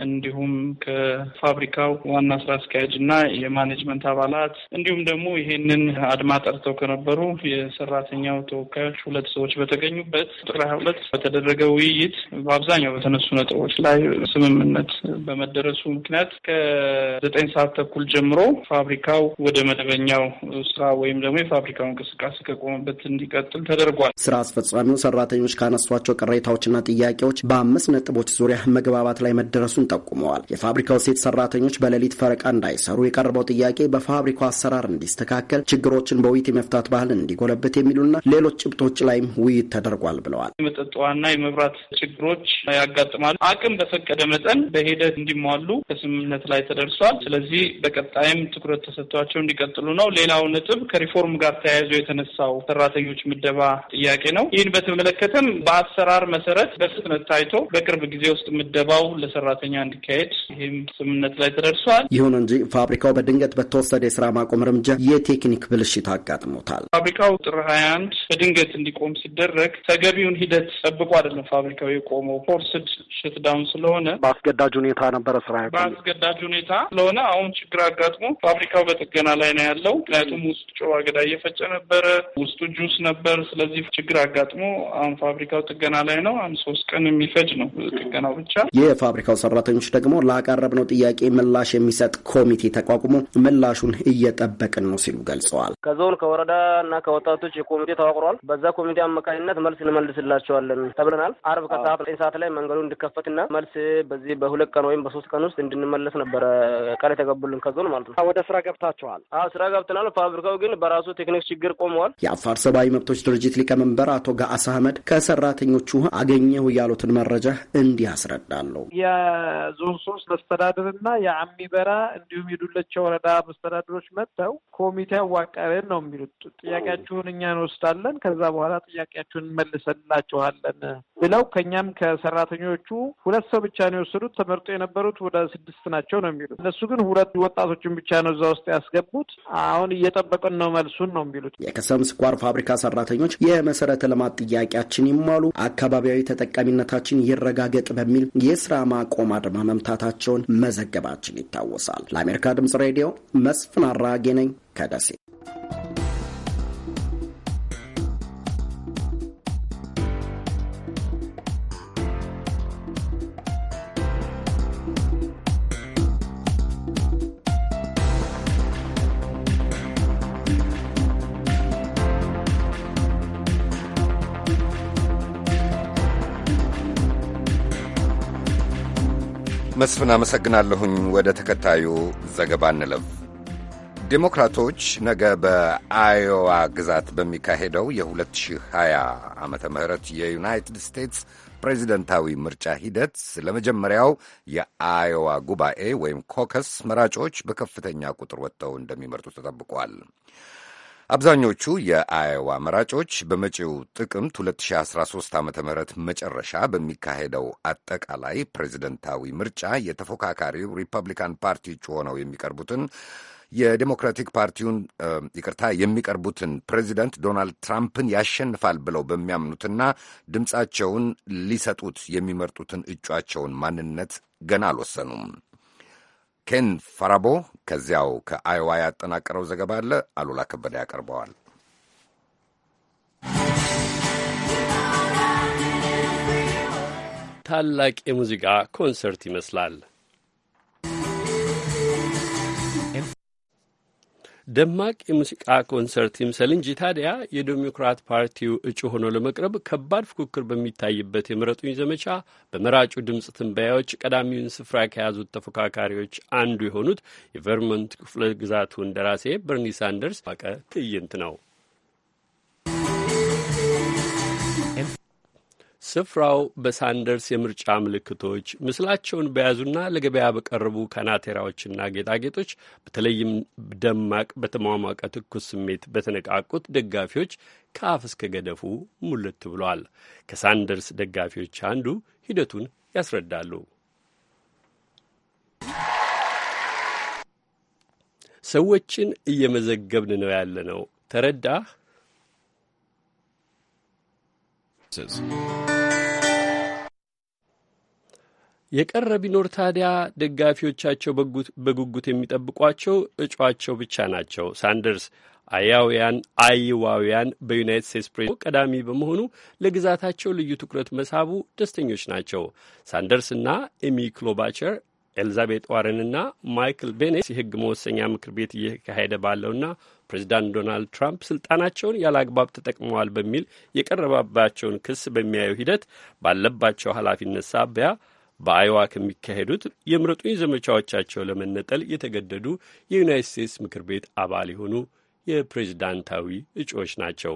እንዲሁም ከፋብሪካው ዋና ስራ አስኪያጅ እና የማኔጅመንት አባላት እንዲሁም ደግሞ ይሄንን አድማ ጠርተው ከነበሩ የሰራተኛው ተወካዮች ሁለት ሰዎች በተገኙበት ጥቅላይ ሁለት በተደረገ ውይይት በአብዛኛው በአብዛኛው በተነሱ ነጥቦች ላይ ስምምነት በመደረሱ ምክንያት ከዘጠኝ ሰዓት ተኩል ጀምሮ ፋብሪካው ወደ መደበኛው ስራ ወይም ደግሞ የፋብሪካው እንቅስቃሴ ከቆመበት እንዲቀጥል ተደርጓል። ስራ አስፈጻሚው ሰራተኞች ካነሷቸው ቅሬታዎችና ጥያቄዎች በአምስት ነጥቦች ዙሪያ መግባባት ላይ መደረሱን ጠቁመዋል። የፋብሪካው ሴት ሰራተኞች በሌሊት ፈረቃ እንዳይሰሩ የቀረበው ጥያቄ በፋብሪካው አሰራር እንዲስተካከል፣ ችግሮችን በውይይት የመፍታት ባህል እንዲጎለበት የሚሉና ሌሎች ጭብጦች ላይም ውይይት ተደርጓል ብለዋል። የመጠጥ ዋና የመብራት ችግሮች ያጋጥማሉ። አቅም በፈቀደ መጠን በሂደት እንዲሟሉ ከስምምነት ላይ ተደርሷል። ስለዚህ በቀጣይም ትኩረት ተሰጥቷቸው እንዲቀጥሉ ነው። ሌላው ነጥብ ከሪፎርም ጋር ተያይዞ የተነሳው ሰራተኞች ምደባ ጥያቄ ነው። ይህን በተመለከተም በአሰራር መሰረት በፍጥነት ታይቶ በቅርብ ጊዜ ውስጥ ምደባው ለሰራተኛ እንዲካሄድ ይህም ስምምነት ላይ ተደርሷል። ይሁን እንጂ ፋብሪካው በድንገት በተወሰደ የስራ ማቆም እርምጃ የቴክኒክ ብልሽት አጋጥሞታል። ፋብሪካው ጥር ሀያ አንድ በድንገት እንዲቆም ሲደረግ ተገቢውን ሂደት ጠብቆ አይደለም ፋብሪካው የቆመው። ፎርስድ ሽትዳውን ስለሆነ በአስገዳጅ ሁኔታ ነበረ ስራ በአስገዳጅ ሁኔታ ስለሆነ አሁን ችግር አጋጥሞ ፋብሪካው በጥገና ላይ ነው ያለው። ምክንያቱም ውስጡ ጨዋ ገዳ እየፈጨ ነበረ፣ ውስጡ ጁስ ነበር። ስለዚህ ችግር አጋጥሞ አሁን ፋብሪካው ጥገና ላይ ነው። አንድ ሶስት ቀን የሚፈጅ ነው ጥገናው ብቻ። የፋብሪካው ሰራተኞች ደግሞ ላቀረብነው ጥያቄ ምላሽ የሚሰጥ ኮሚቴ ተቋቁሞ ምላሹን እየጠበቅን ነው ሲሉ ገልጸዋል። ከዞን ከወረዳ እና ከወጣቶች የኮሚቴ ተዋቅሯል። በዛ ኮሚቴ አማካኝነት መልስ እንመልስላቸዋለን ተብለናል። አርብ ከሰዓት ሰዓት ላይ መንገዱ እንዲከፈትና መልስ በዚህ በሁለት ቀን ወይም በሶስት ቀን ውስጥ እንድንመለስ ነበረ ቃል የተገቡልን ከዞን ማለት ነው። ወደ ስራ ገብታችኋል? አዎ ስራ ገብተናል። ፋብሪካው ግን በራሱ ቴክኒክ ችግር ቆመዋል። የአፋር ሰብአዊ መብቶች ድርጅት ሊቀመንበር አቶ ጋአስ አህመድ ከሰራተኞቹ አገኘሁ ያሉትን መረጃ እንዲህ አስረዳለሁ። የዞን ሶስት መስተዳድርና የአሚበራ እንዲሁም የዱለቻ ወረዳ መስተዳድሮች መጥተው ኮሚቴ አዋቀርን ነው የሚሉት። ጥያቄያችሁን እኛ እንወስዳለን፣ ከዛ በኋላ ጥያቄያችሁን እንመልሰላችኋለን ብለው ከኛም ከሰራተኞቹ ሁለት ሰው ብቻ ነው የወሰዱት። ተመርጦ የነበሩት ወደ ስድስት ናቸው ነው የሚሉት። እነሱ ግን ሁለት ወጣቶችን ብቻ ነው እዛ ውስጥ ያስገቡት። አሁን እየጠበቅን ነው መልሱን ነው የሚሉት። የከሰም ስኳር ፋብሪካ ሰራተኞች የመሰረተ ልማት ጥያቄያችን ይሟሉ፣ አካባቢያዊ ተጠቃሚነታችን ይረጋገጥ በሚል የስራ ማቆም አድማ መምታታቸውን መዘገባችን ይታወሳል። ለአሜሪካ ድምጽ ሬዲዮ መስፍን አራጌ ነኝ ከደሴ መስፍን አመሰግናለሁኝ። ወደ ተከታዩ ዘገባ እንለፍ። ዴሞክራቶች ነገ በአዮዋ ግዛት በሚካሄደው የ2020 ዓመተ ምህረት የዩናይትድ ስቴትስ ፕሬዚደንታዊ ምርጫ ሂደት ለመጀመሪያው የአዮዋ ጉባኤ ወይም ኮከስ መራጮች በከፍተኛ ቁጥር ወጥተው እንደሚመርጡ ተጠብቋል። አብዛኞቹ የአይዋ መራጮች በመጪው ጥቅምት 2013 ዓ ም መጨረሻ በሚካሄደው አጠቃላይ ፕሬዝደንታዊ ምርጫ የተፎካካሪው ሪፐብሊካን ፓርቲ እጩ ሆነው የሚቀርቡትን የዴሞክራቲክ ፓርቲውን ይቅርታ የሚቀርቡትን ፕሬዚደንት ዶናልድ ትራምፕን ያሸንፋል ብለው በሚያምኑትና ድምፃቸውን ሊሰጡት የሚመርጡትን እጯቸውን ማንነት ገና አልወሰኑም። ኬን ፋራቦ ከዚያው ከአይዋ ያጠናቀረው ዘገባ አለ። አሉላ ከበደ ያቀርበዋል። ታላቅ የሙዚቃ ኮንሰርት ይመስላል። ደማቅ የሙዚቃ ኮንሰርት ይምሰል እንጂ ታዲያ የዴሞክራት ፓርቲው እጩ ሆኖ ለመቅረብ ከባድ ፉክክር በሚታይበት የምረጡኝ ዘመቻ በመራጩ ድምፅ ትንበያዎች ቀዳሚውን ስፍራ ከያዙት ተፎካካሪዎች አንዱ የሆኑት የቨርመንት ክፍለ ግዛቱ እንደራሴ በርኒ ሳንደርስ ማቀ ትዕይንት ነው። ስፍራው በሳንደርስ የምርጫ ምልክቶች ምስላቸውን በያዙና ለገበያ በቀረቡ ካናቴራዎችና ጌጣጌጦች በተለይም ደማቅ በተሟሟቀ ትኩስ ስሜት በተነቃቁት ደጋፊዎች ከአፍ እስከ ገደፉ ሙልት ብሏል። ከሳንደርስ ደጋፊዎች አንዱ ሂደቱን ያስረዳሉ። ሰዎችን እየመዘገብን ነው ያለነው። ተረዳህ? የቀረ ቢኖር ታዲያ ደጋፊዎቻቸው በጉጉት የሚጠብቋቸው እጩአቸው ብቻ ናቸው። ሳንደርስ አያውያን አይዋውያን በዩናይትድ ስቴትስ ፕሬስ ቀዳሚ በመሆኑ ለግዛታቸው ልዩ ትኩረት መሳቡ ደስተኞች ናቸው። ሳንደርስ እና ኤሚ ክሎባቸር ኤልዛቤት ዋረንና ማይክል ቤኔስ የሕግ መወሰኛ ምክር ቤት እየተካሄደ ባለውና ፕሬዚዳንት ዶናልድ ትራምፕ ስልጣናቸውን ያለ አግባብ ተጠቅመዋል በሚል የቀረባባቸውን ክስ በሚያዩ ሂደት ባለባቸው ኃላፊነት ሳቢያ በአይዋ ከሚካሄዱት የምረጡኝ ዘመቻዎቻቸው ለመነጠል የተገደዱ የዩናይት ስቴትስ ምክር ቤት አባል የሆኑ የፕሬዚዳንታዊ እጩዎች ናቸው።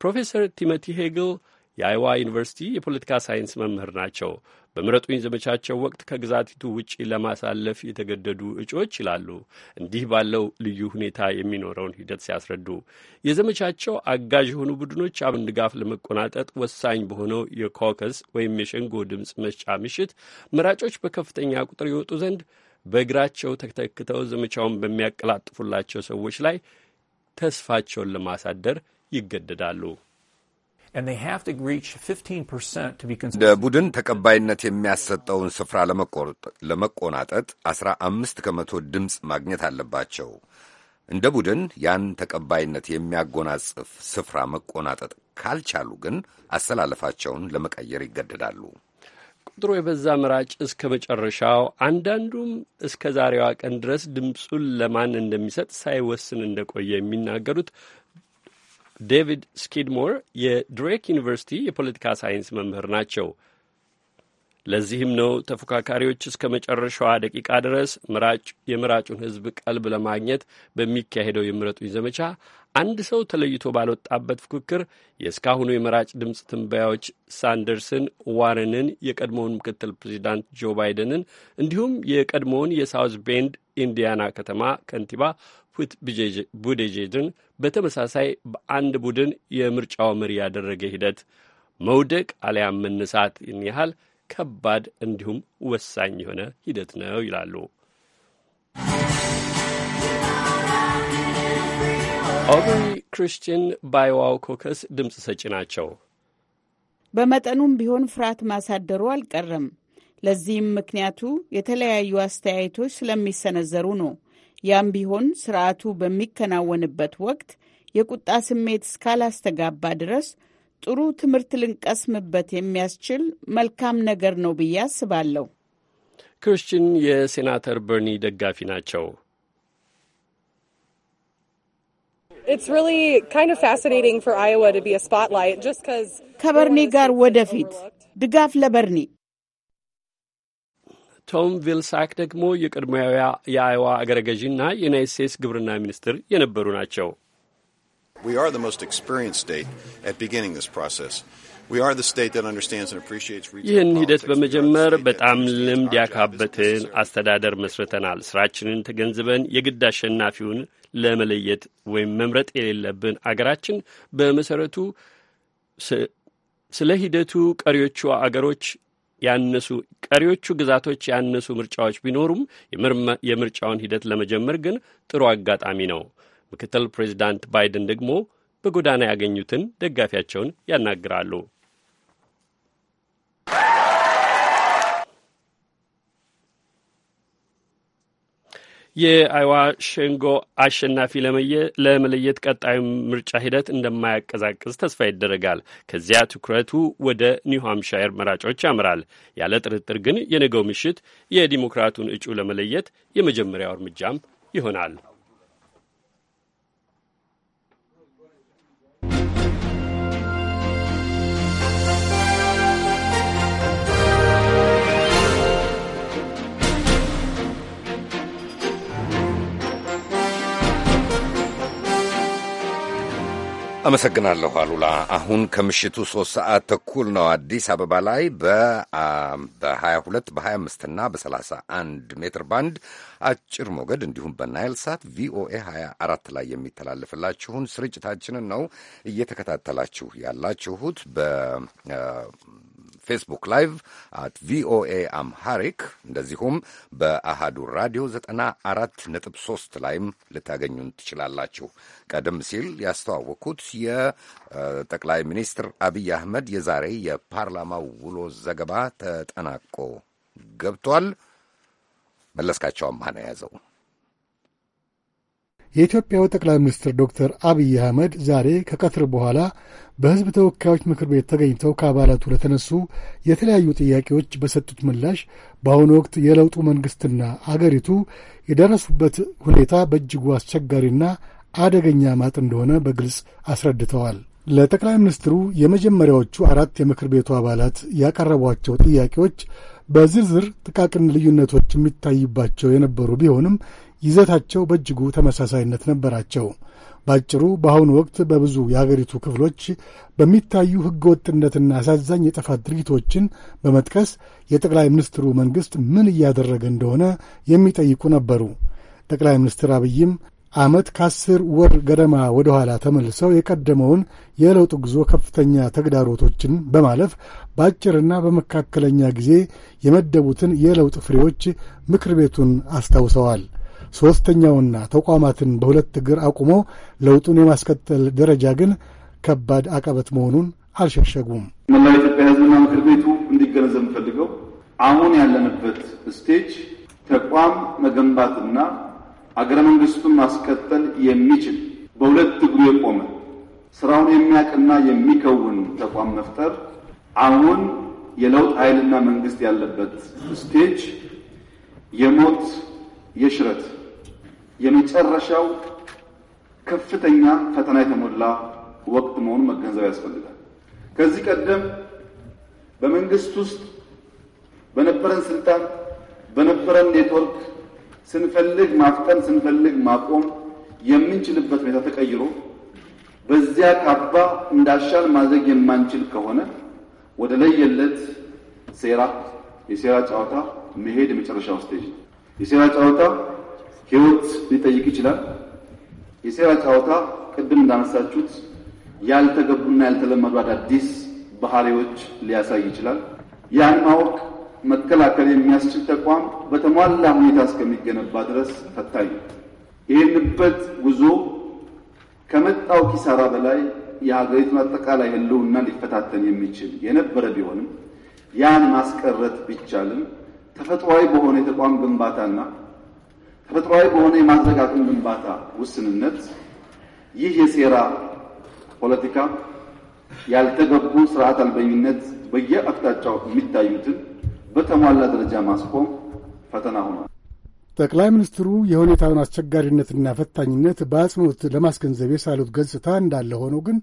ፕሮፌሰር ቲሞቲ ሄግል የአይዋ ዩኒቨርሲቲ የፖለቲካ ሳይንስ መምህር ናቸው። በምረጡኝ ዘመቻቸው ወቅት ከግዛቲቱ ውጪ ለማሳለፍ የተገደዱ እጩዎች ይላሉ እንዲህ ባለው ልዩ ሁኔታ የሚኖረውን ሂደት ሲያስረዱ የዘመቻቸው አጋዥ የሆኑ ቡድኖች አብን ድጋፍ ለመቆናጠጥ ወሳኝ በሆነው የኮከስ ወይም የሸንጎ ድምፅ መስጫ ምሽት መራጮች በከፍተኛ ቁጥር ይወጡ ዘንድ በእግራቸው ተተክተው ዘመቻውን በሚያቀላጥፉላቸው ሰዎች ላይ ተስፋቸውን ለማሳደር ይገደዳሉ። እንደ ቡድን ተቀባይነት የሚያሰጠውን ስፍራ ለመቆናጠጥ አስራ አምስት ከመቶ ድምፅ ማግኘት አለባቸው። እንደ ቡድን ያን ተቀባይነት የሚያጎናጽፍ ስፍራ መቆናጠጥ ካልቻሉ ግን አሰላለፋቸውን ለመቀየር ይገደዳሉ። ቁጥሩ የበዛ መራጭ እስከ መጨረሻው አንዳንዱም እስከ ዛሬዋ ቀን ድረስ ድምፁን ለማን እንደሚሰጥ ሳይወስን እንደቆየ የሚናገሩት ዴቪድ ስኪድሞር የድሬክ ዩኒቨርሲቲ የፖለቲካ ሳይንስ መምህር ናቸው። ለዚህም ነው ተፎካካሪዎች እስከ መጨረሻዋ ደቂቃ ድረስ የምራጩን የመራጩን ሕዝብ ቀልብ ለማግኘት በሚካሄደው የምረጡኝ ዘመቻ አንድ ሰው ተለይቶ ባልወጣበት ፉክክር የእስካሁኑ የመራጭ ድምፅ ትንበያዎች ሳንደርስን፣ ዋረንን፣ የቀድሞውን ምክትል ፕሬዚዳንት ጆ ባይደንን እንዲሁም የቀድሞውን የሳውዝ ቤንድ ኢንዲያና ከተማ ከንቲባ ቡዴጄድን በተመሳሳይ በአንድ ቡድን የምርጫው መሪ ያደረገ ሂደት መውደቅ አሊያም መነሳትን ያህል ከባድ እንዲሁም ወሳኝ የሆነ ሂደት ነው ይላሉ። ኦብሪ ክርስቲን ባይዋው ኮከስ ድምፅ ሰጪ ናቸው። በመጠኑም ቢሆን ፍርሃት ማሳደሩ አልቀረም። ለዚህም ምክንያቱ የተለያዩ አስተያየቶች ስለሚሰነዘሩ ነው። ያም ቢሆን ስርዓቱ በሚከናወንበት ወቅት የቁጣ ስሜት እስካላስተጋባ ድረስ ጥሩ ትምህርት ልንቀስምበት የሚያስችል መልካም ነገር ነው ብዬ አስባለሁ። ክርስቲን የሴናተር በርኒ ደጋፊ ናቸው። ከበርኒ ጋር ወደፊት ድጋፍ ለበርኒ ቶም ቪልሳክ ደግሞ የቀድሞው የአይዋ አገረ ገዢና የዩናይት ስቴትስ ግብርና ሚኒስትር የነበሩ ናቸው። ይህን ሂደት በመጀመር በጣም ልምድ ያካበትን አስተዳደር መስርተናል። ስራችንን ተገንዝበን የግድ አሸናፊውን ለመለየት ወይም መምረጥ የሌለብን አገራችን በመሰረቱ ስለ ሂደቱ ቀሪዎቹ አገሮች ያነሱ ቀሪዎቹ ግዛቶች ያነሱ ምርጫዎች ቢኖሩም የምርጫውን ሂደት ለመጀመር ግን ጥሩ አጋጣሚ ነው። ምክትል ፕሬዚዳንት ባይደን ደግሞ በጎዳና ያገኙትን ደጋፊያቸውን ያናግራሉ። የአይዋ ሸንጎ አሸናፊ ለመለየት ቀጣዩ ምርጫ ሂደት እንደማያቀዛቅዝ ተስፋ ይደረጋል። ከዚያ ትኩረቱ ወደ ኒው መራጮች ያምራል። ያለ ጥርጥር ግን የነገው ምሽት የዲሞክራቱን እጩ ለመለየት የመጀመሪያው እርምጃም ይሆናል። አመሰግናለሁ አሉላ። አሁን ከምሽቱ ሶስት ሰዓት ተኩል ነው አዲስ አበባ ላይ በ22 በ25ና በ31 ሜትር ባንድ አጭር ሞገድ እንዲሁም በናይል ሳት ቪኦኤ 24 ላይ የሚተላለፍላችሁን ስርጭታችንን ነው እየተከታተላችሁ ያላችሁት። በፌስቡክ ላይቭ አት ቪኦኤ አምሃሪክ እንደዚሁም በአሃዱ ራዲዮ 94.3 ላይም ልታገኙን ትችላላችሁ። ቀደም ሲል ያስተዋወቅኩት የጠቅላይ ሚኒስትር አብይ አህመድ የዛሬ የፓርላማ ውሎ ዘገባ ተጠናቆ ገብቷል። መለስካቸው አምሃ የያዘው። የኢትዮጵያው ጠቅላይ ሚኒስትር ዶክተር አብይ አህመድ ዛሬ ከቀትር በኋላ በሕዝብ ተወካዮች ምክር ቤት ተገኝተው ከአባላቱ ለተነሱ የተለያዩ ጥያቄዎች በሰጡት ምላሽ በአሁኑ ወቅት የለውጡ መንግሥትና አገሪቱ የደረሱበት ሁኔታ በእጅጉ አስቸጋሪና አደገኛ ማጥ እንደሆነ በግልጽ አስረድተዋል። ለጠቅላይ ሚኒስትሩ የመጀመሪያዎቹ አራት የምክር ቤቱ አባላት ያቀረቧቸው ጥያቄዎች በዝርዝር ጥቃቅን ልዩነቶች የሚታይባቸው የነበሩ ቢሆንም ይዘታቸው በእጅጉ ተመሳሳይነት ነበራቸው። ባጭሩ በአሁኑ ወቅት በብዙ የአገሪቱ ክፍሎች በሚታዩ ወጥነትና አሳዛኝ የጥፋት ድርጊቶችን በመጥቀስ የጠቅላይ ሚኒስትሩ መንግሥት ምን እያደረገ እንደሆነ የሚጠይቁ ነበሩ። ጠቅላይ ሚኒስትር አብይም ዓመት ከአስር ወር ገደማ ወደ ኋላ ተመልሰው የቀደመውን የለውጥ ጉዞ ከፍተኛ ተግዳሮቶችን በማለፍ በአጭርና በመካከለኛ ጊዜ የመደቡትን የለውጥ ፍሬዎች ምክር ቤቱን አስታውሰዋል። ሦስተኛውና ተቋማትን በሁለት እግር አቁሞ ለውጡን የማስከተል ደረጃ ግን ከባድ አቀበት መሆኑን አልሸሸጉም። መላ ኢትዮጵያ ሕዝብና ምክር ቤቱ እንዲገነዘብ የምፈልገው አሁን ያለንበት ስቴጅ ተቋም መገንባትና አገረ መንግስቱን ማስቀጠል የሚችል በሁለት እግሩ የቆመ ስራውን የሚያቅና የሚከውን ተቋም መፍጠር አሁን የለውጥ ኃይልና መንግስት ያለበት ስቴጅ የሞት የሽረት የመጨረሻው ከፍተኛ ፈተና የተሞላ ወቅት መሆኑን መገንዘብ ያስፈልጋል። ከዚህ ቀደም በመንግስት ውስጥ በነበረን ስልጣን በነበረን ኔትወርክ ስንፈልግ ማፍጠን ስንፈልግ ማቆም የምንችልበት ሁኔታ ተቀይሮ በዚያ ካባ እንዳሻል ማዘግ የማንችል ከሆነ ወደ ለየለት ሴራ የሴራ ጨዋታ መሄድ የመጨረሻው ስቴጅ ነው። የሴራ ጨዋታ ህይወት ሊጠይቅ ይችላል። የሴራ ጨዋታ ቅድም እንዳነሳችሁት ያልተገቡና ያልተለመዱ አዳዲስ ባህሪዎች ሊያሳይ ይችላል። ያን ማወቅ መከላከል የሚያስችል ተቋም በተሟላ ሁኔታ እስከሚገነባ ድረስ ፈታኝ ይህንበት ጉዞ ከመጣው ኪሳራ በላይ የሀገሪቱን አጠቃላይ ህልውና ሊፈታተን የሚችል የነበረ ቢሆንም ያን ማስቀረት ቢቻልም ተፈጥሯዊ በሆነ የተቋም ግንባታና ተፈጥሯዊ በሆነ የማዘግ አቅም ግንባታ ውስንነት ይህ የሴራ ፖለቲካ ያልተገቡ ስርዓት አልበኝነት በየአቅጣጫው የሚታዩትን በተሟላ ደረጃ ማስቆም ፈተና ሆኗል። ጠቅላይ ሚኒስትሩ የሁኔታውን አስቸጋሪነትና ፈታኝነት በአጽንኦት ለማስገንዘብ የሳሉት ገጽታ እንዳለ ሆነው ግን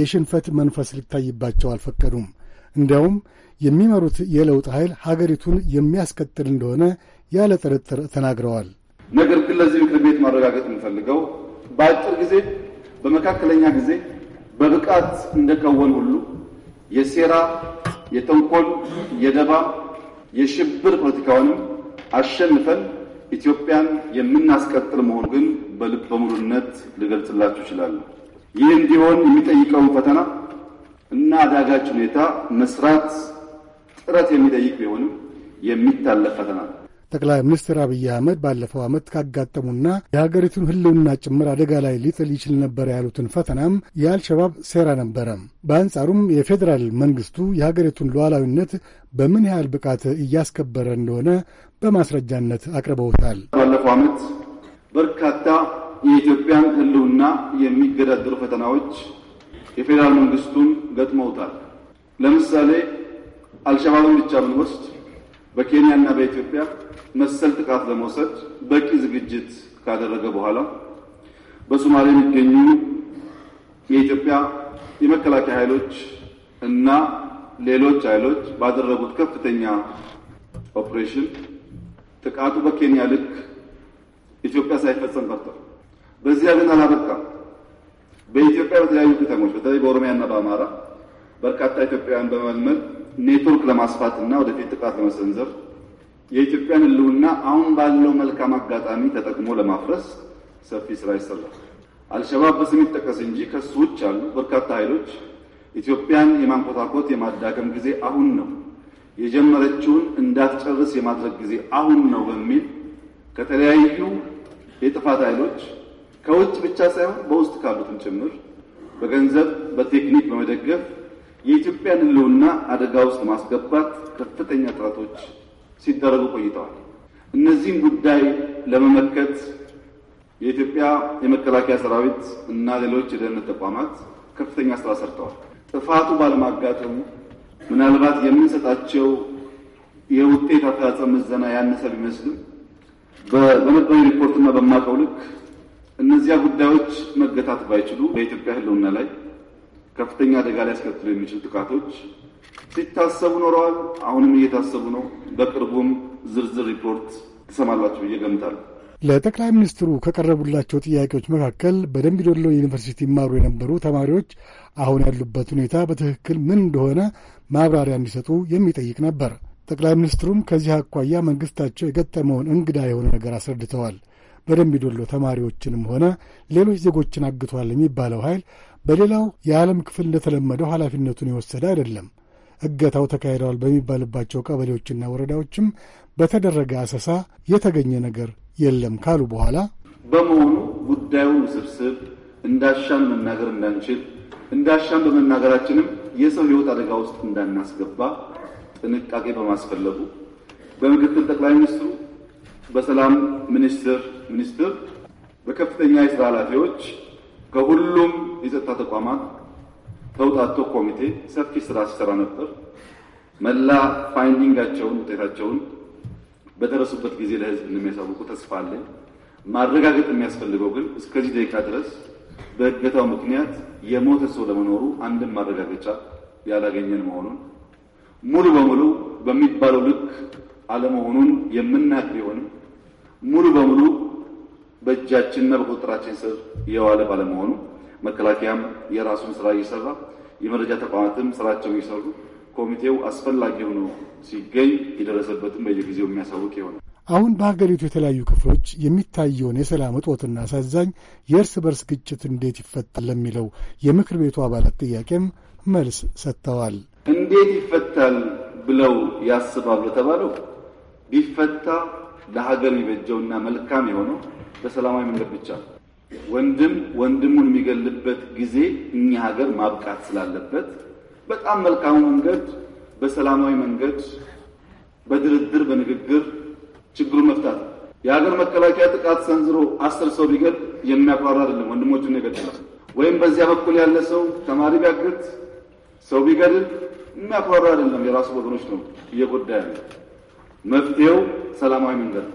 የሽንፈት መንፈስ ሊታይባቸው አልፈቀዱም። እንዲያውም የሚመሩት የለውጥ ኃይል ሀገሪቱን የሚያስቀጥል እንደሆነ ያለ ጥርጥር ተናግረዋል። ነገር ግን ለዚህ ምክር ቤት ማረጋገጥ የምፈልገው በአጭር ጊዜ፣ በመካከለኛ ጊዜ በብቃት እንደከወን ሁሉ የሴራ የተንኮል፣ የደባ፣ የሽብር ፖለቲካውንም አሸንፈን ኢትዮጵያን የምናስቀጥል መሆን ግን በልብ በሙሉነት ልገልጽላችሁ ይችላሉ። ይህ እንዲሆን የሚጠይቀውን ፈተና እና አዳጋች ሁኔታ መስራት ጥረት የሚጠይቅ ቢሆንም የሚታለፍ ፈተና ነው። ጠቅላይ ሚኒስትር አብይ አህመድ ባለፈው ዓመት ካጋጠሙና የሀገሪቱን ሕልውና ጭምር አደጋ ላይ ሊጥል ይችል ነበር ያሉትን ፈተናም የአልሸባብ ሴራ ነበረ። በአንጻሩም የፌዴራል መንግስቱ የሀገሪቱን ሉዓላዊነት በምን ያህል ብቃት እያስከበረ እንደሆነ በማስረጃነት አቅርበውታል። ባለፈው ዓመት በርካታ የኢትዮጵያን ሕልውና የሚገዳደሩ ፈተናዎች የፌዴራል መንግስቱን ገጥመውታል። ለምሳሌ አልሸባብን ብቻ ብንወስድ በኬንያና በኢትዮጵያ መሰል ጥቃት ለመውሰድ በቂ ዝግጅት ካደረገ በኋላ በሶማሌ የሚገኙ የኢትዮጵያ የመከላከያ ኃይሎች እና ሌሎች ኃይሎች ባደረጉት ከፍተኛ ኦፕሬሽን ጥቃቱ በኬንያ ልክ ኢትዮጵያ ሳይፈጸም ቀርቷል። በዚያ ግን አላበቃም። በኢትዮጵያ በተለያዩ ከተሞች በተለይ በኦሮሚያና በአማራ በርካታ ኢትዮጵያውያን በመልመል ኔትወርክ ለማስፋት እና ወደፊት ጥቃት ለመሰንዘር የኢትዮጵያን ህልውና አሁን ባለው መልካም አጋጣሚ ተጠቅሞ ለማፍረስ ሰፊ ስራ ይሰራል። አልሸባብ በስም ይጠቀስ እንጂ ከሱ ውጭ ያሉ በርካታ ኃይሎች ኢትዮጵያን የማንኮታኮት የማዳከም ጊዜ አሁን ነው፣ የጀመረችውን እንዳትጨርስ የማድረግ ጊዜ አሁን ነው በሚል ከተለያዩ የጥፋት ኃይሎች ከውጭ ብቻ ሳይሆን በውስጥ ካሉትም ጭምር በገንዘብ በቴክኒክ በመደገፍ የኢትዮጵያን ሕልውና አደጋ ውስጥ ማስገባት ከፍተኛ ጥረቶች ሲደረጉ ቆይተዋል። እነዚህም ጉዳይ ለመመከት የኢትዮጵያ የመከላከያ ሰራዊት እና ሌሎች የደህንነት ተቋማት ከፍተኛ ስራ ሰርተዋል። ጥፋቱ ባለማጋጠሙ ምናልባት የምንሰጣቸው የውጤት አፈጻጸም ምዘና ያነሰ ቢመስልም በነበረኝ ሪፖርትና በማቀው ልክ እነዚያ ጉዳዮች መገታት ባይችሉ በኢትዮጵያ ህልውና ላይ ከፍተኛ አደጋ ሊያስከትሉ የሚችሉ ጥቃቶች ሲታሰቡ ኖረዋል። አሁንም እየታሰቡ ነው። በቅርቡም ዝርዝር ሪፖርት ትሰማላችሁ ብዬ ገምታለሁ። ለጠቅላይ ሚኒስትሩ ከቀረቡላቸው ጥያቄዎች መካከል በደምቢዶሎ ዩኒቨርሲቲ ይማሩ የነበሩ ተማሪዎች አሁን ያሉበት ሁኔታ በትክክል ምን እንደሆነ ማብራሪያ እንዲሰጡ የሚጠይቅ ነበር። ጠቅላይ ሚኒስትሩም ከዚህ አኳያ መንግስታቸው የገጠመውን እንግዳ የሆነ ነገር አስረድተዋል። በደምቢ ዶሎ ተማሪዎችንም ሆነ ሌሎች ዜጎችን አግቷል የሚባለው ኃይል በሌላው የዓለም ክፍል እንደተለመደው ኃላፊነቱን የወሰደ አይደለም። እገታው ተካሂደዋል በሚባልባቸው ቀበሌዎችና ወረዳዎችም በተደረገ አሰሳ የተገኘ ነገር የለም ካሉ በኋላ በመሆኑ ጉዳዩን ውስብስብ እንዳሻን መናገር እንዳንችል እንዳሻን በመናገራችንም የሰው ሕይወት አደጋ ውስጥ እንዳናስገባ ጥንቃቄ በማስፈለጉ በምክትል ጠቅላይ ሚኒስትሩ፣ በሰላም ሚኒስትር ሚኒስትር፣ በከፍተኛ የስራ ኃላፊዎች ከሁሉም የጸጥታ ተቋማት ተውጣቶ ኮሚቴ ሰፊ ስራ ሲሰራ ነበር። መላ ፋይንዲንጋቸውን ውጤታቸውን በደረሱበት ጊዜ ለህዝብ እንደሚያሳውቁ ተስፋ አለን። ማረጋገጥ የሚያስፈልገው ግን እስከዚህ ደቂቃ ድረስ በእገታው ምክንያት የሞተ ሰው ለመኖሩ አንድም ማረጋገጫ ያላገኘን መሆኑን ሙሉ በሙሉ በሚባለው ልክ አለመሆኑን የምናቅ ቢሆንም ሙሉ በሙሉ በእጃችንና በቁጥጥራችን ስር የዋለ ባለመሆኑ መከላከያም የራሱን ስራ እየሰራ የመረጃ ተቋማትም ስራቸው እየሰሩ ኮሚቴው አስፈላጊ ሆኖ ሲገኝ የደረሰበትም በየጊዜው የሚያሳውቅ ይሆናል። አሁን በሀገሪቱ የተለያዩ ክፍሎች የሚታየውን የሰላም እጦትና አሳዛኝ የእርስ በርስ ግጭት እንዴት ይፈታል ለሚለው የምክር ቤቱ አባላት ጥያቄም መልስ ሰጥተዋል። እንዴት ይፈታል ብለው ያስባሉ ተባለው ቢፈታ ለሀገር የሚበጀውና መልካም የሆነው በሰላማዊ መንገድ ብቻ ወንድም ወንድሙን የሚገልበት ጊዜ እኛ ሀገር ማብቃት ስላለበት በጣም መልካሙ መንገድ በሰላማዊ መንገድ በድርድር በንግግር ችግሩን መፍታት። የሀገር መከላከያ ጥቃት ሰንዝሮ አስር ሰው ቢገል የሚያኮራ አይደለም፣ ወንድሞቹን ይገድላል። ወይም በዚያ በኩል ያለ ሰው ተማሪ ቢያግት ሰው ቢገድል የሚያኮራ አይደለም፣ የራሱ ወገኖች ነው እየጎዳ ያለ። መፍትሄው ሰላማዊ መንገድ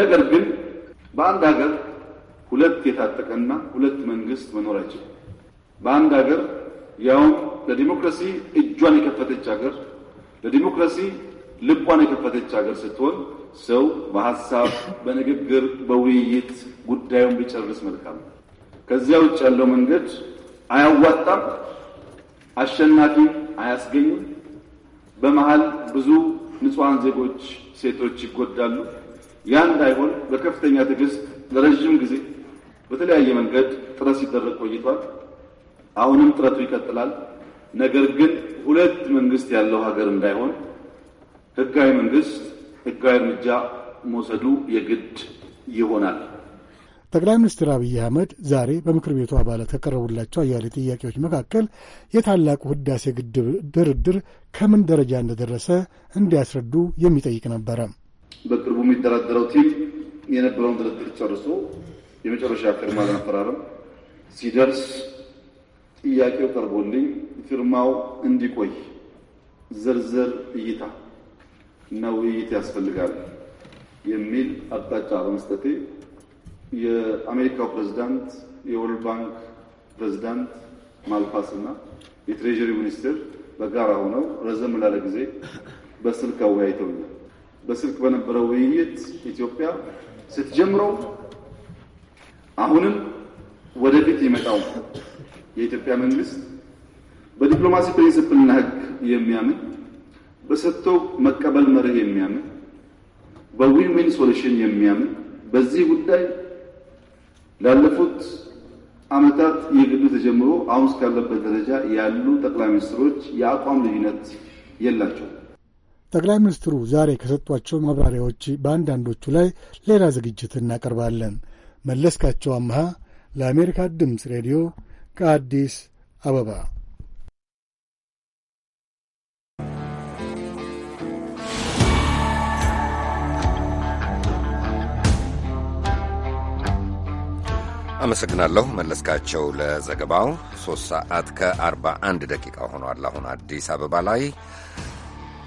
ነገር ግን በአንድ ሀገር ሁለት የታጠቀና ሁለት መንግስት መኖር አይችልም። በአንድ ሀገር ያውም ለዲሞክራሲ እጇን የከፈተች ሀገር ለዲሞክራሲ ልቧን የከፈተች ሀገር ስትሆን ሰው በሀሳብ በንግግር በውይይት ጉዳዩን ቢጨርስ መልካም ነው። ከዚያ ውጭ ያለው መንገድ አያዋጣም፣ አሸናፊም አያስገኝም። በመሀል ብዙ ንጹሐን ዜጎች ሴቶች ይጎዳሉ። ያ እንዳይሆን በከፍተኛ ትዕግስት ለረዥም ጊዜ በተለያየ መንገድ ጥረት ሲደረግ ቆይቷል። አሁንም ጥረቱ ይቀጥላል። ነገር ግን ሁለት መንግስት ያለው ሀገር እንዳይሆን ህጋዊ መንግስት ህጋዊ እርምጃ መውሰዱ የግድ ይሆናል። ጠቅላይ ሚኒስትር አብይ አህመድ ዛሬ በምክር ቤቱ አባላት ከቀረቡላቸው አያሌ ጥያቄዎች መካከል የታላቁ ህዳሴ ግድብ ድርድር ከምን ደረጃ እንደደረሰ እንዲያስረዱ የሚጠይቅ ነበረም። በቅርቡ የሚደራደረው ቲም የነበረውን ድርድር ጨርሶ የመጨረሻ ፊርማ ለመፈራረም ሲደርስ ጥያቄው ቀርቦልኝ ፊርማው እንዲቆይ ዝርዝር እይታ እና ውይይት ያስፈልጋል የሚል አቅጣጫ በመስጠቴ የአሜሪካው ፕሬዝዳንት፣ የወርልድ ባንክ ፕሬዝዳንት ማልፓስ እና የትሬጀሪ ሚኒስትር በጋራ ሆነው ረዘም ላለ ጊዜ በስልክ አወያይተውኛል። በስልክ በነበረው ውይይት ኢትዮጵያ ስትጀምረው አሁንም ወደፊት ይመጣው የኢትዮጵያ መንግስት በዲፕሎማሲ ፕሪንስፕልና ሕግ የሚያምን በሰጥቶ መቀበል መርህ የሚያምን በዊን ዊን ሶሉሽን የሚያምን በዚህ ጉዳይ ላለፉት ዓመታት የግዱ ተጀምሮ አሁን እስካለበት ደረጃ ያሉ ጠቅላይ ሚኒስትሮች የአቋም ልዩነት የላቸው። ጠቅላይ ሚኒስትሩ ዛሬ ከሰጧቸው ማብራሪያዎች በአንዳንዶቹ ላይ ሌላ ዝግጅት እናቀርባለን። መለስካቸው አምሃ ለአሜሪካ ድምፅ ሬዲዮ ከአዲስ አበባ። አመሰግናለሁ መለስካቸው ለዘገባው። ሦስት ሰዓት ከአርባ አንድ ደቂቃ ሆኗል አሁን አዲስ አበባ ላይ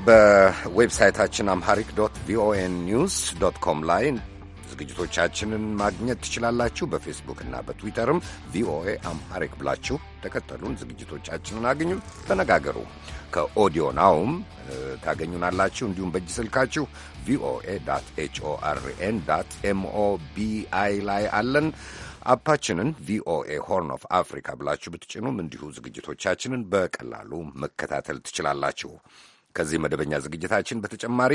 በዌብሳይታችን አምሃሪክ ዶት ቪኦኤ ኒውስ ዶት ኮም ላይ ዝግጅቶቻችንን ማግኘት ትችላላችሁ። በፌስቡክ እና በትዊተርም ቪኦኤ አምሃሪክ ብላችሁ ተከተሉን፣ ዝግጅቶቻችንን አግኙ፣ ተነጋገሩ። ከኦዲዮ ናውም ታገኙናላችሁ። እንዲሁም በእጅ ስልካችሁ ቪኦኤ ዳት ኤችኦአርኤን ዳት ኤምኦቢአይ ላይ አለን። አፓችንን ቪኦኤ ሆርን ኦፍ አፍሪካ ብላችሁ ብትጭኑም እንዲሁ ዝግጅቶቻችንን በቀላሉ መከታተል ትችላላችሁ። ከዚህ መደበኛ ዝግጅታችን በተጨማሪ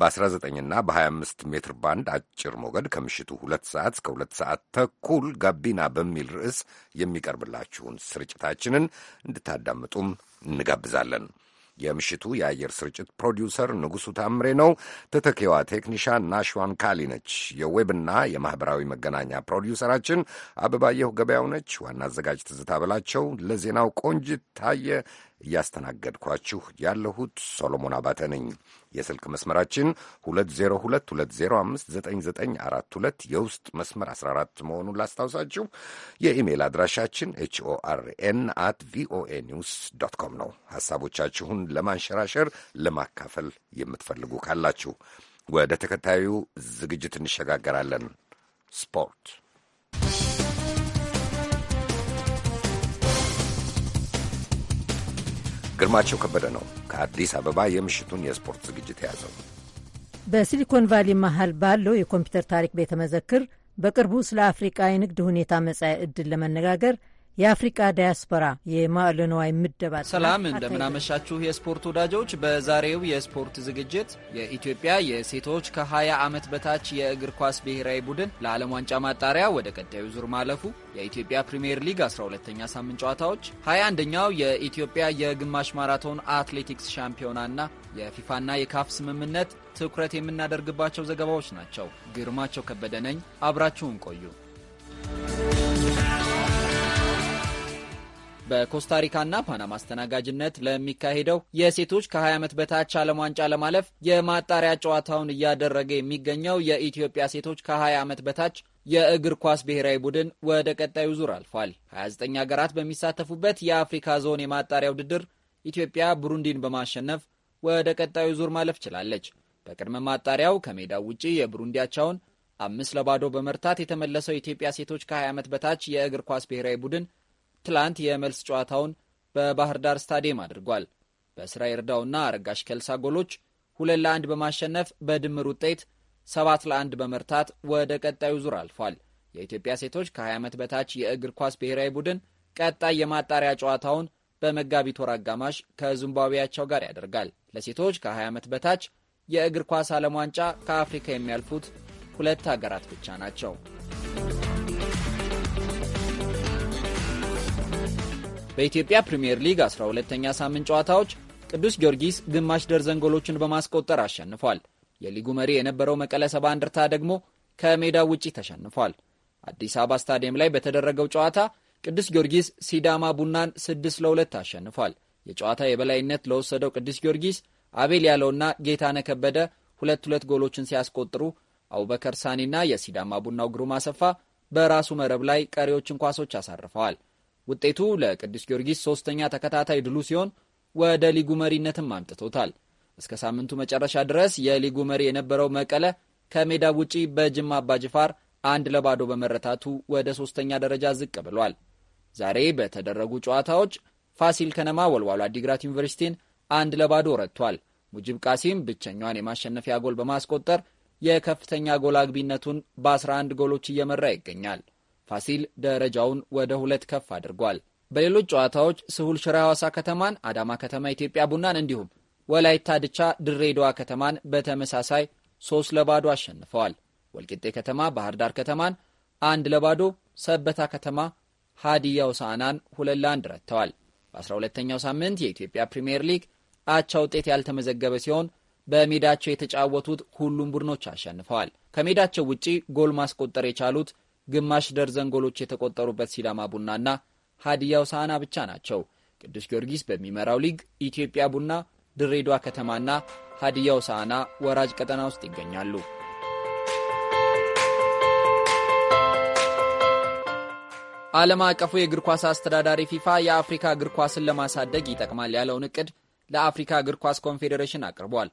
በ19ና በ25 ሜትር ባንድ አጭር ሞገድ ከምሽቱ ሁለት ሰዓት እስከ ሁለት ሰዓት ተኩል ጋቢና በሚል ርዕስ የሚቀርብላችሁን ስርጭታችንን እንድታዳምጡም እንጋብዛለን። የምሽቱ የአየር ስርጭት ፕሮዲውሰር ንጉሡ ታምሬ ነው። ተተኪዋ ቴክኒሻን ናሽዋን ካሊ ነች። የዌብና የማኅበራዊ መገናኛ ፕሮዲውሰራችን አበባየሁ ገበያው ነች። ዋና አዘጋጅ ትዝታ በላቸው፣ ለዜናው ቆንጅት ታየ። እያስተናገድኳችሁ ያለሁት ሶሎሞን አባተ ነኝ። የስልክ መስመራችን 2022059942 የውስጥ መስመር 14 መሆኑን ላስታውሳችሁ። የኢሜይል አድራሻችን ኤችኦአርኤን አት ቪኦኤ ኒውስ ዶት ኮም ነው። ሐሳቦቻችሁን ለማንሸራሸር ለማካፈል የምትፈልጉ ካላችሁ ወደ ተከታዩ ዝግጅት እንሸጋገራለን። ስፖርት ግርማቸው ከበደ ነው ከአዲስ አበባ የምሽቱን የስፖርት ዝግጅት የያዘው። በሲሊኮን ቫሊ መሃል ባለው የኮምፒውተር ታሪክ ቤተ መዘክር በቅርቡ ስለ አፍሪቃ የንግድ ሁኔታ መጻኢ ዕድል ለመነጋገር የአፍሪቃ ዳያስፖራ የማዕለ ንዋይ ምደባ። ሰላም እንደምናመሻችሁ የስፖርት ወዳጆች። በዛሬው የስፖርት ዝግጅት የኢትዮጵያ የሴቶች ከ20 ዓመት በታች የእግር ኳስ ብሔራዊ ቡድን ለዓለም ዋንጫ ማጣሪያ ወደ ቀጣዩ ዙር ማለፉ፣ የኢትዮጵያ ፕሪምየር ሊግ 12ኛ ሳምንት ጨዋታዎች፣ 21ኛው የኢትዮጵያ የግማሽ ማራቶን አትሌቲክስ ሻምፒዮናና የፊፋና የካፍ ስምምነት ትኩረት የምናደርግባቸው ዘገባዎች ናቸው። ግርማቸው ከበደ ነኝ። አብራችሁን ቆዩ። በኮስታሪካና ፓናማ አስተናጋጅነት ለሚካሄደው የሴቶች ከ20 ዓመት በታች ዓለም ዋንጫ ለማለፍ የማጣሪያ ጨዋታውን እያደረገ የሚገኘው የኢትዮጵያ ሴቶች ከ20 ዓመት በታች የእግር ኳስ ብሔራዊ ቡድን ወደ ቀጣዩ ዙር አልፏል። 29 ሀገራት በሚሳተፉበት የአፍሪካ ዞን የማጣሪያ ውድድር ኢትዮጵያ ብሩንዲን በማሸነፍ ወደ ቀጣዩ ዙር ማለፍ ችላለች። በቅድመ ማጣሪያው ከሜዳው ውጪ የብሩንዲያቻውን አምስት ለባዶ በመርታት የተመለሰው የኢትዮጵያ ሴቶች ከ20 ዓመት በታች የእግር ኳስ ብሔራዊ ቡድን ትላንት የመልስ ጨዋታውን በባህር ዳር ስታዲየም አድርጓል። በስራ እርዳውና አረጋሽ ከልሳ ጎሎች ሁለት ለአንድ በማሸነፍ በድምር ውጤት ሰባት ለአንድ በመርታት ወደ ቀጣዩ ዙር አልፏል። የኢትዮጵያ ሴቶች ከ20 ዓመት በታች የእግር ኳስ ብሔራዊ ቡድን ቀጣይ የማጣሪያ ጨዋታውን በመጋቢት ወር አጋማሽ ከዚምባብዌያቸው ጋር ያደርጋል። ለሴቶች ከ20 ዓመት በታች የእግር ኳስ ዓለም ዋንጫ ከአፍሪካ የሚያልፉት ሁለት ሀገራት ብቻ ናቸው። በኢትዮጵያ ፕሪምየር ሊግ 12 ተኛ ሳምንት ጨዋታዎች ቅዱስ ጊዮርጊስ ግማሽ ደርዘን ጎሎችን በማስቆጠር አሸንፏል። የሊጉ መሪ የነበረው መቀለ ሰባ እንደርታ ደግሞ ከሜዳው ውጪ ተሸንፏል። አዲስ አበባ ስታዲየም ላይ በተደረገው ጨዋታ ቅዱስ ጊዮርጊስ ሲዳማ ቡናን 6 ለሁለት አሸንፏል። የጨዋታ የበላይነት ለወሰደው ቅዱስ ጊዮርጊስ አቤል ያለውና ጌታነ ከበደ ሁለት ሁለት ጎሎችን ሲያስቆጥሩ አቡበከር ሳኒና የሲዳማ ቡናው ግሩም አሰፋ በራሱ መረብ ላይ ቀሪዎችን ኳሶች አሳርፈዋል። ውጤቱ ለቅዱስ ጊዮርጊስ ሶስተኛ ተከታታይ ድሉ ሲሆን ወደ ሊጉ መሪነትም አምጥቶታል። እስከ ሳምንቱ መጨረሻ ድረስ የሊጉ መሪ የነበረው መቀለ ከሜዳ ውጪ በጅማ አባጅፋር አንድ ለባዶ በመረታቱ ወደ ሶስተኛ ደረጃ ዝቅ ብሏል። ዛሬ በተደረጉ ጨዋታዎች ፋሲል ከነማ ወልዋሎ አዲግራት ዩኒቨርሲቲን አንድ ለባዶ ረድቷል። ሙጅብ ቃሲም ብቸኛዋን የማሸነፊያ ጎል በማስቆጠር የከፍተኛ ጎል አግቢነቱን በ11 ጎሎች እየመራ ይገኛል። ፋሲል ደረጃውን ወደ ሁለት ከፍ አድርጓል። በሌሎች ጨዋታዎች ስሁል ሽረ ሐዋሳ ከተማን፣ አዳማ ከተማ ኢትዮጵያ ቡናን እንዲሁም ወላይታ ድቻ ድሬዳዋ ከተማን በተመሳሳይ ሶስት ለባዶ አሸንፈዋል። ወልቂጤ ከተማ ባህር ዳር ከተማን አንድ ለባዶ፣ ሰበታ ከተማ ሃዲያ ሆሳዕናን ሁለት ለአንድ ረትተዋል። በ12ኛው ሳምንት የኢትዮጵያ ፕሪምየር ሊግ አቻ ውጤት ያልተመዘገበ ሲሆን በሜዳቸው የተጫወቱት ሁሉም ቡድኖች አሸንፈዋል። ከሜዳቸው ውጪ ጎል ማስቆጠር የቻሉት ግማሽ ደርዘን ጎሎች የተቆጠሩበት ሲዳማ ቡናና ሀዲያ ሆሳዕና ብቻ ናቸው። ቅዱስ ጊዮርጊስ በሚመራው ሊግ ኢትዮጵያ ቡና፣ ድሬዳዋ ከተማና ሀዲያ ሆሳዕና ወራጅ ቀጠና ውስጥ ይገኛሉ። ዓለም አቀፉ የእግር ኳስ አስተዳዳሪ ፊፋ የአፍሪካ እግር ኳስን ለማሳደግ ይጠቅማል ያለውን እቅድ ለአፍሪካ እግር ኳስ ኮንፌዴሬሽን አቅርቧል።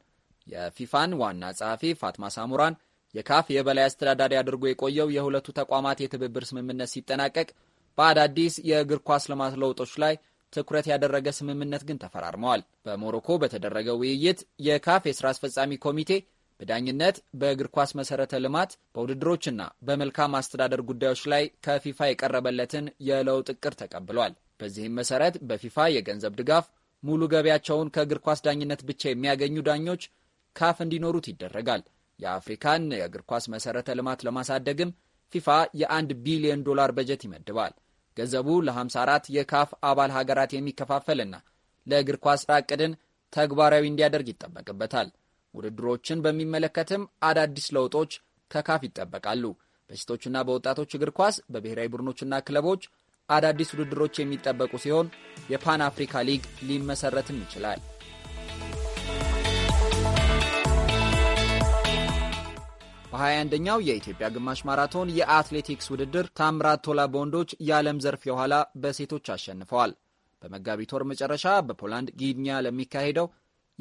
የፊፋን ዋና ጸሐፊ ፋትማ ሳሙራን የካፍ የበላይ አስተዳዳሪ አድርጎ የቆየው የሁለቱ ተቋማት የትብብር ስምምነት ሲጠናቀቅ በአዳዲስ የእግር ኳስ ልማት ለውጦች ላይ ትኩረት ያደረገ ስምምነት ግን ተፈራርመዋል። በሞሮኮ በተደረገ ውይይት የካፍ የሥራ አስፈጻሚ ኮሚቴ በዳኝነት፣ በእግር ኳስ መሠረተ ልማት፣ በውድድሮችና በመልካም አስተዳደር ጉዳዮች ላይ ከፊፋ የቀረበለትን የለውጥ እቅድ ተቀብሏል። በዚህም መሠረት በፊፋ የገንዘብ ድጋፍ ሙሉ ገቢያቸውን ከእግር ኳስ ዳኝነት ብቻ የሚያገኙ ዳኞች ካፍ እንዲኖሩት ይደረጋል። የአፍሪካን የእግር ኳስ መሠረተ ልማት ለማሳደግም ፊፋ የአንድ ቢሊዮን ዶላር በጀት ይመድባል። ገንዘቡ ለ54 የካፍ አባል ሀገራት የሚከፋፈልና ለእግር ኳስ እቅድን ተግባራዊ እንዲያደርግ ይጠበቅበታል። ውድድሮችን በሚመለከትም አዳዲስ ለውጦች ከካፍ ይጠበቃሉ። በሴቶችና በወጣቶች እግር ኳስ በብሔራዊ ቡድኖችና ክለቦች አዳዲስ ውድድሮች የሚጠበቁ ሲሆን የፓን አፍሪካ ሊግ ሊመሰረትም ይችላል። በ21ኛው የኢትዮጵያ ግማሽ ማራቶን የአትሌቲክስ ውድድር ታምራት ቶላ በወንዶች የዓለም ዘርፍ የኋላ በሴቶች አሸንፈዋል። በመጋቢት ወር መጨረሻ በፖላንድ ጊድኒያ ለሚካሄደው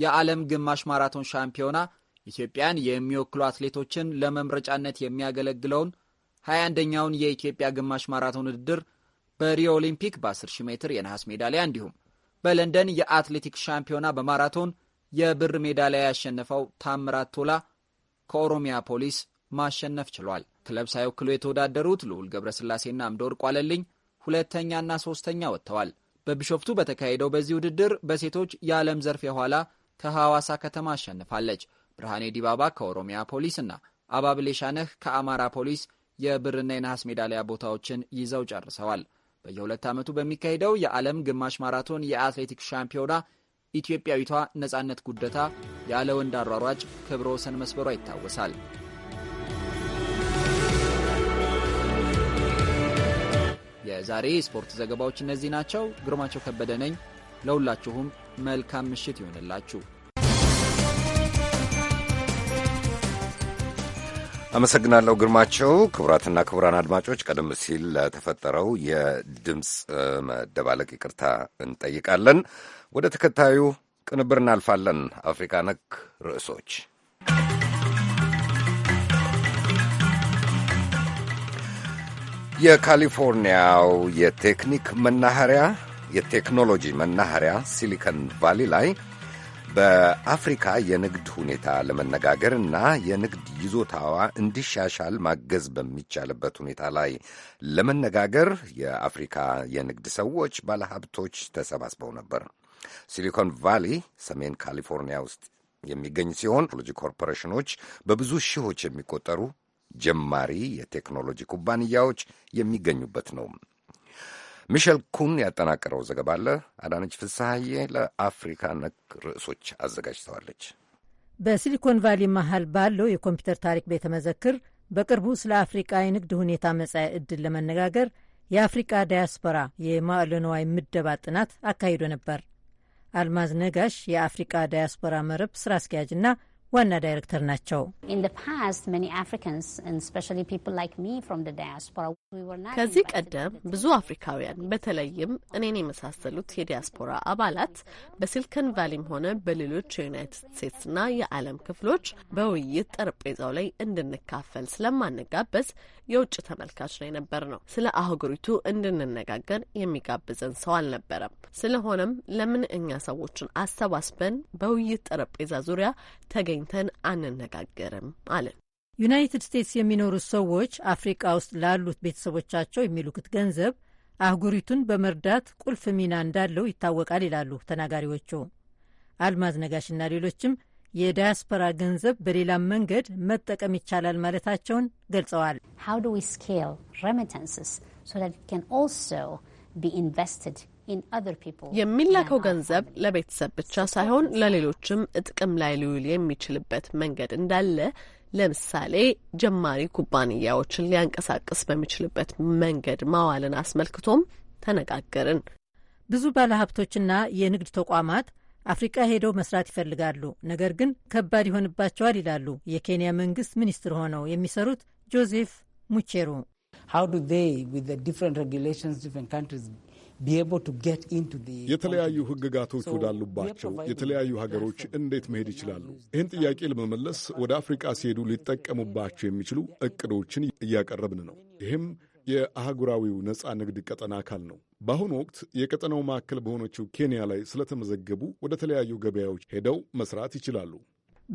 የዓለም ግማሽ ማራቶን ሻምፒዮና ኢትዮጵያን የሚወክሉ አትሌቶችን ለመምረጫነት የሚያገለግለውን 21ኛውን የኢትዮጵያ ግማሽ ማራቶን ውድድር በሪዮ ኦሊምፒክ በ10000 ሜትር የነሐስ ሜዳሊያ እንዲሁም በለንደን የአትሌቲክስ ሻምፒዮና በማራቶን የብር ሜዳሊያ ያሸነፈው ታምራት ቶላ ከኦሮሚያ ፖሊስ ማሸነፍ ችሏል። ክለብ ሳይወክሉ የተወዳደሩት ልዑል ገብረስላሴና አምደወርቅ ቋለልኝ ሁለተኛና ሶስተኛ ወጥተዋል። በቢሾፍቱ በተካሄደው በዚህ ውድድር በሴቶች የዓለም ዘርፍ የኋላ ከሐዋሳ ከተማ አሸንፋለች። ብርሃኔ ዲባባ ከኦሮሚያ ፖሊስና አባብሌ ሻነህ ከአማራ ፖሊስ የብርና የነሐስ ሜዳሊያ ቦታዎችን ይዘው ጨርሰዋል። በየሁለት ዓመቱ በሚካሄደው የዓለም ግማሽ ማራቶን የአትሌቲክስ ሻምፒዮና ኢትዮጵያዊቷ ነጻነት ጉደታ ያለ ወንድ አሯሯጭ ክብረ ወሰን መስበሯ ይታወሳል። የዛሬ የስፖርት ዘገባዎች እነዚህ ናቸው። ግርማቸው ከበደ ነኝ። ለሁላችሁም መልካም ምሽት ይሆንላችሁ። አመሰግናለሁ ግርማቸው። ክቡራትና ክቡራን አድማጮች ቀደም ሲል ለተፈጠረው የድምፅ መደባለቅ ይቅርታ እንጠይቃለን። ወደ ተከታዩ ቅንብር እናልፋለን። አፍሪካ ነክ ርዕሶች የካሊፎርኒያው የቴክኒክ መናኸሪያ የቴክኖሎጂ መናኸሪያ ሲሊከን ቫሊ ላይ በአፍሪካ የንግድ ሁኔታ ለመነጋገር እና የንግድ ይዞታዋ እንዲሻሻል ማገዝ በሚቻልበት ሁኔታ ላይ ለመነጋገር የአፍሪካ የንግድ ሰዎች፣ ባለሀብቶች ተሰባስበው ነበር። ሲሊኮን ቫሊ ሰሜን ካሊፎርኒያ ውስጥ የሚገኝ ሲሆን ቴክኖሎጂ ኮርፖሬሽኖች በብዙ ሺዎች የሚቆጠሩ ጀማሪ የቴክኖሎጂ ኩባንያዎች የሚገኙበት ነው። ሚሸል ኩን ያጠናቀረው ዘገባ አለ። አዳነች ፍስሐዬ ለአፍሪካ ነክ ርዕሶች አዘጋጅተዋለች። በሲሊኮን ቫሊ መሀል ባለው የኮምፒውተር ታሪክ ቤተ መዘክር በቅርቡ ስለ አፍሪቃ የንግድ ሁኔታ መጻኢ ዕድል ለመነጋገር የአፍሪቃ ዳያስፖራ የማዕለ ንዋይ ምደባ ጥናት አካሂዶ ነበር። አልማዝ ነጋሽ የአፍሪቃ ዳያስፖራ መረብ ስራ አስኪያጅና ዋና ዳይሬክተር ናቸው። ከዚህ ቀደም ብዙ አፍሪካውያን በተለይም እኔን የመሳሰሉት የዲያስፖራ አባላት በሲልከን ቫሊም ሆነ በሌሎች የዩናይትድ ስቴትስና የዓለም ክፍሎች በውይይት ጠረጴዛው ላይ እንድንካፈል ስለማንጋበዝ የውጭ ተመልካች ነው የነበር ነው። ስለ አህጉሪቱ እንድንነጋገር የሚጋብዘን ሰው አልነበረም። ስለሆነም ለምን እኛ ሰዎችን አሰባስበን በውይይት ጠረጴዛ ዙሪያ ተገኝተን አንነጋገርም አለን። ዩናይትድ ስቴትስ የሚኖሩት ሰዎች አፍሪቃ ውስጥ ላሉት ቤተሰቦቻቸው የሚልኩት ገንዘብ አህጉሪቱን በመርዳት ቁልፍ ሚና እንዳለው ይታወቃል ይላሉ ተናጋሪዎቹ። አልማዝ ነጋሽና ሌሎችም የዳያስፖራ ገንዘብ በሌላ መንገድ መጠቀም ይቻላል ማለታቸውን ገልጸዋል። የሚላከው ገንዘብ ለቤተሰብ ብቻ ሳይሆን ለሌሎችም ጥቅም ላይ ሊውል የሚችልበት መንገድ እንዳለ ለምሳሌ ጀማሪ ኩባንያዎችን ሊያንቀሳቅስ በሚችልበት መንገድ ማዋልን አስመልክቶም ተነጋገርን። ብዙ ባለሀብቶችና የንግድ ተቋማት አፍሪቃ ሄደው መስራት ይፈልጋሉ፣ ነገር ግን ከባድ ይሆንባቸዋል ይላሉ የኬንያ መንግስት ሚኒስትር ሆነው የሚሰሩት ጆዜፍ ሙቼሩ። የተለያዩ ህግጋቶች ወዳሉባቸው የተለያዩ ሀገሮች እንዴት መሄድ ይችላሉ? ይህን ጥያቄ ለመመለስ ወደ አፍሪቃ ሲሄዱ ሊጠቀሙባቸው የሚችሉ እቅዶችን እያቀረብን ነው። ይህም የአህጉራዊው ነፃ ንግድ ቀጠና አካል ነው። በአሁኑ ወቅት የቀጠናው ማዕከል በሆነችው ኬንያ ላይ ስለተመዘገቡ ወደ ተለያዩ ገበያዎች ሄደው መስራት ይችላሉ።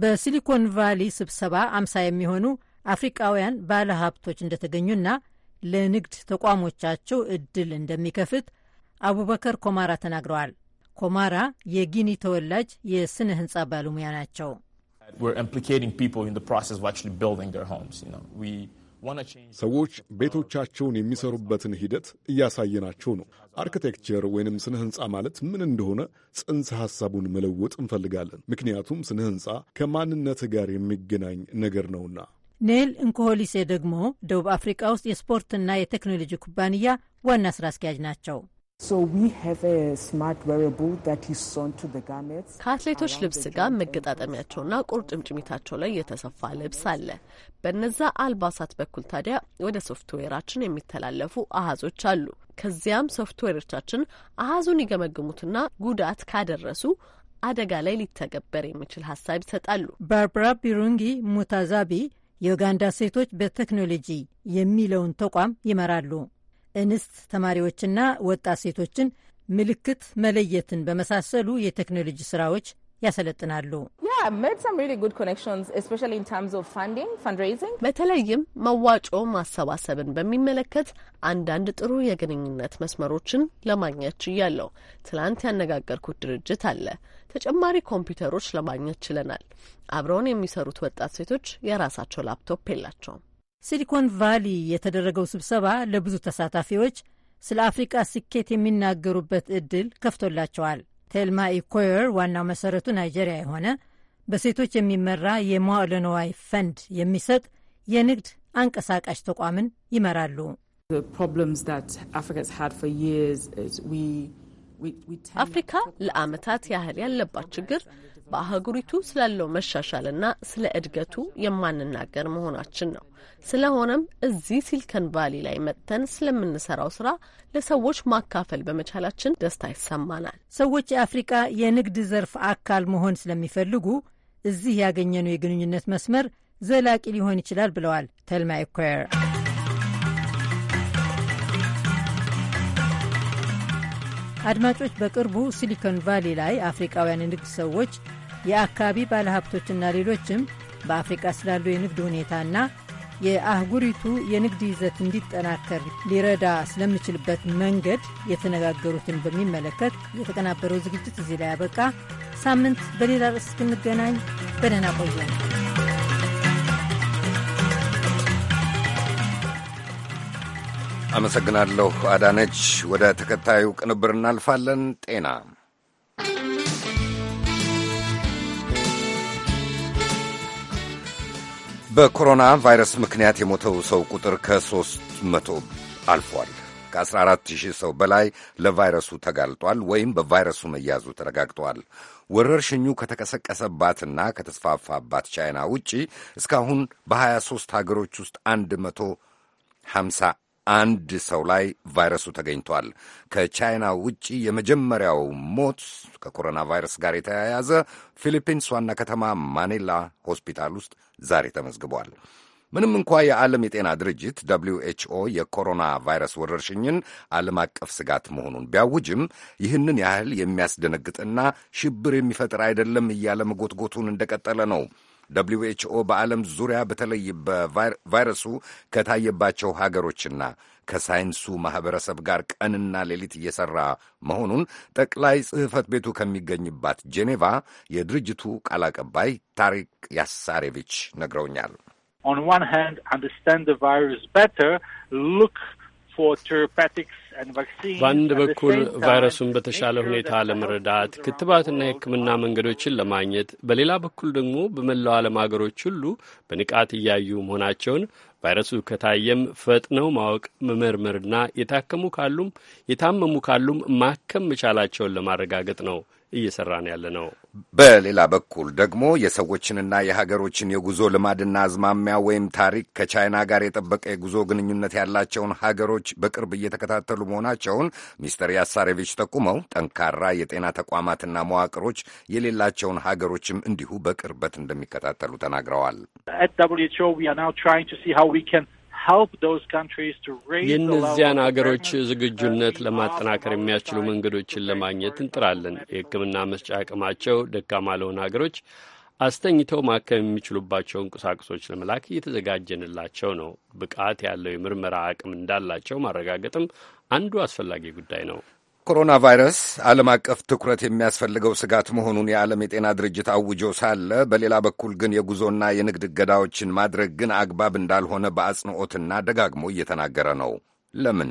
በሲሊኮን ቫሊ ስብሰባ አምሳ የሚሆኑ አፍሪቃውያን ባለ ሀብቶች እንደተገኙና ለንግድ ተቋሞቻቸው እድል እንደሚከፍት አቡበከር ኮማራ ተናግረዋል። ኮማራ የጊኒ ተወላጅ የስነ ህንፃ ባለሙያ ናቸው። ሰዎች ቤቶቻቸውን የሚሰሩበትን ሂደት እያሳየናቸው ነው። አርክቴክቸር ወይንም ስነ ህንፃ ማለት ምን እንደሆነ ጽንሰ ሐሳቡን መለወጥ እንፈልጋለን። ምክንያቱም ስነ ህንፃ ከማንነት ጋር የሚገናኝ ነገር ነውና። ኔል እንኮሆሊሴ ደግሞ ደቡብ አፍሪካ ውስጥ የስፖርትና የቴክኖሎጂ ኩባንያ ዋና ስራ አስኪያጅ ናቸው። ከአትሌቶች ልብስ ጋር መገጣጠሚያቸውና ቁርጭምጭሚታቸው ላይ የተሰፋ ልብስ አለ። በነዛ አልባሳት በኩል ታዲያ ወደ ሶፍትዌራችን የሚተላለፉ አሃዞች አሉ። ከዚያም ሶፍትዌሮቻችን አሃዙን ይገመግሙትና ጉዳት ካደረሱ አደጋ ላይ ሊተገበር የሚችል ሀሳብ ይሰጣሉ። ባርባራ ቢሩንጊ ሙታዛቢ የኡጋንዳ ሴቶች በቴክኖሎጂ የሚለውን ተቋም ይመራሉ። እንስት ተማሪዎችና ወጣት ሴቶችን ምልክት መለየትን በመሳሰሉ የቴክኖሎጂ ስራዎች ያሰለጥናሉ። በተለይም መዋጮ ማሰባሰብን በሚመለከት አንዳንድ ጥሩ የግንኙነት መስመሮችን ለማግኘት ችያለሁ። ትላንት ያነጋገርኩት ድርጅት አለ። ተጨማሪ ኮምፒውተሮች ለማግኘት ችለናል። አብረውን የሚሰሩት ወጣት ሴቶች የራሳቸው ላፕቶፕ የላቸውም። ሲሊኮን ቫሊ የተደረገው ስብሰባ ለብዙ ተሳታፊዎች ስለ አፍሪቃ ስኬት የሚናገሩበት እድል ከፍቶላቸዋል። ቴልማ ኢኮየር ዋናው መሰረቱ ናይጄሪያ የሆነ በሴቶች የሚመራ የመዋዕለ ንዋይ ፈንድ የሚሰጥ የንግድ አንቀሳቃሽ ተቋምን ይመራሉ። አፍሪካ ለዓመታት ያህል ያለባት ችግር በአህጉሪቱ ስላለው መሻሻልና ስለ እድገቱ የማንናገር መሆናችን ነው። ስለሆነም እዚህ ሲሊከን ቫሊ ላይ መጥተን ስለምንሰራው ስራ ለሰዎች ማካፈል በመቻላችን ደስታ ይሰማናል። ሰዎች የአፍሪቃ የንግድ ዘርፍ አካል መሆን ስለሚፈልጉ እዚህ ያገኘነው የግንኙነት መስመር ዘላቂ ሊሆን ይችላል ብለዋል ተልማይ ኢኳየር። አድማጮች፣ በቅርቡ ሲሊኮን ቫሊ ላይ አፍሪቃውያን የንግድ ሰዎች የአካባቢ ባለሀብቶችና ሌሎችም በአፍሪቃ ስላለው የንግድ ሁኔታና የአህጉሪቱ የንግድ ይዘት እንዲጠናከር ሊረዳ ስለሚችልበት መንገድ የተነጋገሩትን በሚመለከት የተቀናበረው ዝግጅት እዚህ ላይ ያበቃ። ሳምንት በሌላ ርዕስ እስክንገናኝ በደህና ቆዩ። አመሰግናለሁ አዳነች። ወደ ተከታዩ ቅንብር እናልፋለን። ጤና በኮሮና ቫይረስ ምክንያት የሞተው ሰው ቁጥር ከሦስት መቶ አልፏል። ከ14 ሺህ ሰው በላይ ለቫይረሱ ተጋልጧል ወይም በቫይረሱ መያዙ ተረጋግጧል። ወረርሽኙ ከተቀሰቀሰባትና ከተስፋፋባት ቻይና ውጪ እስካሁን በ23 ሀገሮች ውስጥ አንድ አንድ ሰው ላይ ቫይረሱ ተገኝቷል። ከቻይና ውጪ የመጀመሪያው ሞት ከኮሮና ቫይረስ ጋር የተያያዘ ፊሊፒንስ ዋና ከተማ ማኔላ ሆስፒታል ውስጥ ዛሬ ተመዝግቧል። ምንም እንኳ የዓለም የጤና ድርጅት ደብሊው ኤችኦ የኮሮና ቫይረስ ወረርሽኝን ዓለም አቀፍ ስጋት መሆኑን ቢያውጅም ይህንን ያህል የሚያስደነግጥና ሽብር የሚፈጥር አይደለም እያለ መጎትጎቱን እንደቀጠለ ነው። ደብሊው ኤችኦ በዓለም ዙሪያ በተለይ በቫይረሱ ከታየባቸው ሀገሮችና ከሳይንሱ ማኅበረሰብ ጋር ቀንና ሌሊት እየሠራ መሆኑን ጠቅላይ ጽሕፈት ቤቱ ከሚገኝባት ጄኔቫ የድርጅቱ ቃል አቀባይ ታሪክ ያሳሬቪች ነግረውኛል። on one hand understand the virus better look for በአንድ በኩል ቫይረሱን በተሻለ ሁኔታ ለመረዳት ክትባትና የሕክምና መንገዶችን ለማግኘት፣ በሌላ በኩል ደግሞ በመላው ዓለም አገሮች ሁሉ በንቃት እያዩ መሆናቸውን ቫይረሱ ከታየም ፈጥነው ማወቅ መመርመርና የታከሙ ካሉም የታመሙ ካሉም ማከም መቻላቸውን ለማረጋገጥ ነው እየሰራን ያለ ነው። በሌላ በኩል ደግሞ የሰዎችንና የሀገሮችን የጉዞ ልማድና አዝማሚያ ወይም ታሪክ ከቻይና ጋር የጠበቀ የጉዞ ግንኙነት ያላቸውን ሀገሮች በቅርብ እየተከታተሉ መሆናቸውን ሚስተር ያሳሬቪች ጠቁመው ጠንካራ የጤና ተቋማትና መዋቅሮች የሌላቸውን ሀገሮችም እንዲሁ በቅርበት እንደሚከታተሉ ተናግረዋል። የእነዚያን አገሮች uh, ዝግጁነት ለማጠናከር የሚያስችሉ መንገዶችን ለማግኘት እንጥራለን። የሕክምና መስጫ አቅማቸው ደካማ ለሆነ አገሮች አስተኝተው ማከም የሚችሉባቸውን ቁሳቁሶች ለመላክ እየተዘጋጀንላቸው ነው። ብቃት ያለው የምርመራ አቅም እንዳላቸው ማረጋገጥም አንዱ አስፈላጊ ጉዳይ ነው። ኮሮና ቫይረስ ዓለም አቀፍ ትኩረት የሚያስፈልገው ስጋት መሆኑን የዓለም የጤና ድርጅት አውጆ ሳለ በሌላ በኩል ግን የጉዞና የንግድ እገዳዎችን ማድረግ ግን አግባብ እንዳልሆነ በአጽንኦትና ደጋግሞ እየተናገረ ነው። ለምን?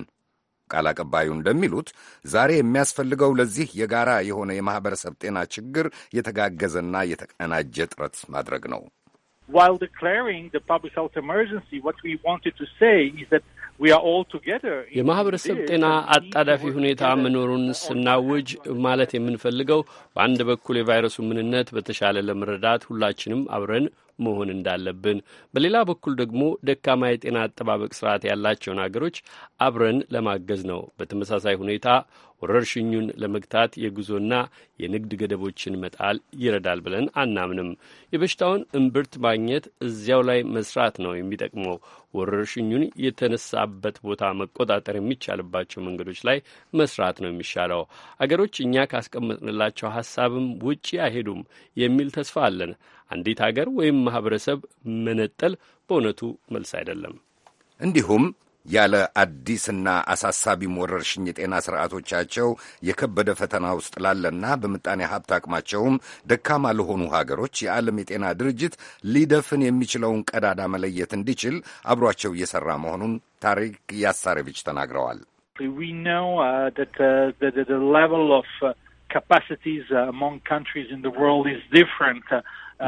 ቃል አቀባዩ እንደሚሉት ዛሬ የሚያስፈልገው ለዚህ የጋራ የሆነ የማኅበረሰብ ጤና ችግር የተጋገዘና የተቀናጀ ጥረት ማድረግ ነው። while declaring the public health emergency, what we wanted to say is that የማህበረሰብ ጤና አጣዳፊ ሁኔታ መኖሩን ስናውጅ ማለት የምንፈልገው በአንድ በኩል የቫይረሱ ምንነት በተሻለ ለመረዳት ሁላችንም አብረን መሆን እንዳለብን፣ በሌላ በኩል ደግሞ ደካማ የጤና አጠባበቅ ስርዓት ያላቸውን አገሮች አብረን ለማገዝ ነው። በተመሳሳይ ሁኔታ ወረርሽኙን ለመግታት የጉዞና የንግድ ገደቦችን መጣል ይረዳል ብለን አናምንም። የበሽታውን እምብርት ማግኘት እዚያው ላይ መስራት ነው የሚጠቅመው። ወረርሽኙን የተነሳበት ቦታ መቆጣጠር የሚቻልባቸው መንገዶች ላይ መስራት ነው የሚሻለው። አገሮች እኛ ካስቀመጥንላቸው ሀሳብም ውጪ አይሄዱም የሚል ተስፋ አለን። አንዲት አገር ወይም ማህበረሰብ መነጠል በእውነቱ መልስ አይደለም። እንዲሁም ያለ አዲስና አሳሳቢም ወረርሽኝ የጤና ስርዓቶቻቸው የከበደ ፈተና ውስጥ ላለና በምጣኔ ሀብት አቅማቸውም ደካማ ለሆኑ ሀገሮች የዓለም የጤና ድርጅት ሊደፍን የሚችለውን ቀዳዳ መለየት እንዲችል አብሯቸው እየሰራ መሆኑን ታሪክ ያሳሬቪች ተናግረዋል።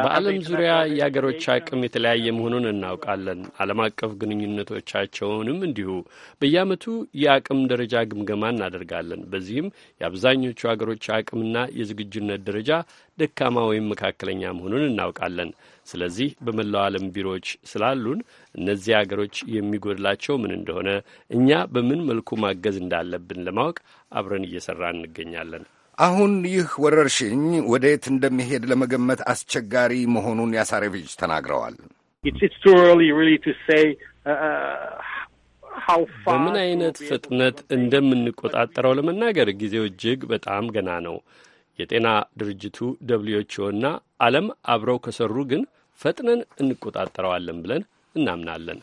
በዓለም ዙሪያ የአገሮች አቅም የተለያየ መሆኑን እናውቃለን። ዓለም አቀፍ ግንኙነቶቻቸውንም እንዲሁ። በየዓመቱ የአቅም ደረጃ ግምገማ እናደርጋለን። በዚህም የአብዛኞቹ አገሮች አቅምና የዝግጁነት ደረጃ ደካማ ወይም መካከለኛ መሆኑን እናውቃለን። ስለዚህ በመላው ዓለም ቢሮዎች ስላሉን እነዚህ አገሮች የሚጎድላቸው ምን እንደሆነ፣ እኛ በምን መልኩ ማገዝ እንዳለብን ለማወቅ አብረን እየሰራ እንገኛለን። አሁን ይህ ወረርሽኝ ወደየት እንደሚሄድ ለመገመት አስቸጋሪ መሆኑን ያሳሬቪች ተናግረዋል። uh, uh, በምን አይነት ፍጥነት እንደምንቆጣጠረው ለመናገር ጊዜው እጅግ በጣም ገና ነው። የጤና ድርጅቱ ደብልዩ እና ዓለም አብረው ከሰሩ ግን ፈጥነን እንቆጣጠረዋለን ብለን እናምናለን።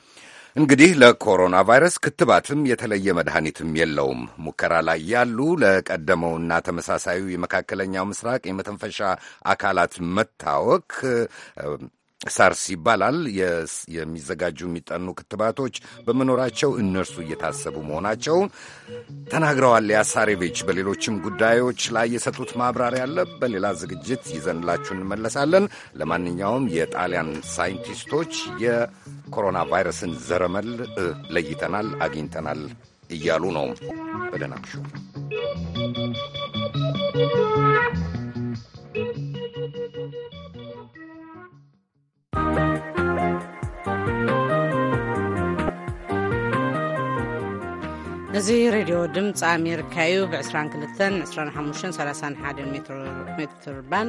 እንግዲህ ለኮሮና ቫይረስ ክትባትም የተለየ መድኃኒትም የለውም። ሙከራ ላይ ያሉ ለቀደመውና ተመሳሳዩ የመካከለኛው ምስራቅ የመተንፈሻ አካላት መታወክ ሳርስ ይባላል። የሚዘጋጁ የሚጠኑ ክትባቶች በመኖራቸው እነርሱ እየታሰቡ መሆናቸው ተናግረዋል። ያሳሬቪች በሌሎችም ጉዳዮች ላይ የሰጡት ማብራሪያ አለ። በሌላ ዝግጅት ይዘንላችሁ እንመለሳለን። ለማንኛውም የጣሊያን ሳይንቲስቶች የኮሮና ቫይረስን ዘረመል ለይተናል፣ አግኝተናል እያሉ ነው። በደህና you. እዚ ሬድዮ ድምፂ ኣሜሪካ እዩ ብ222531 ሜርባን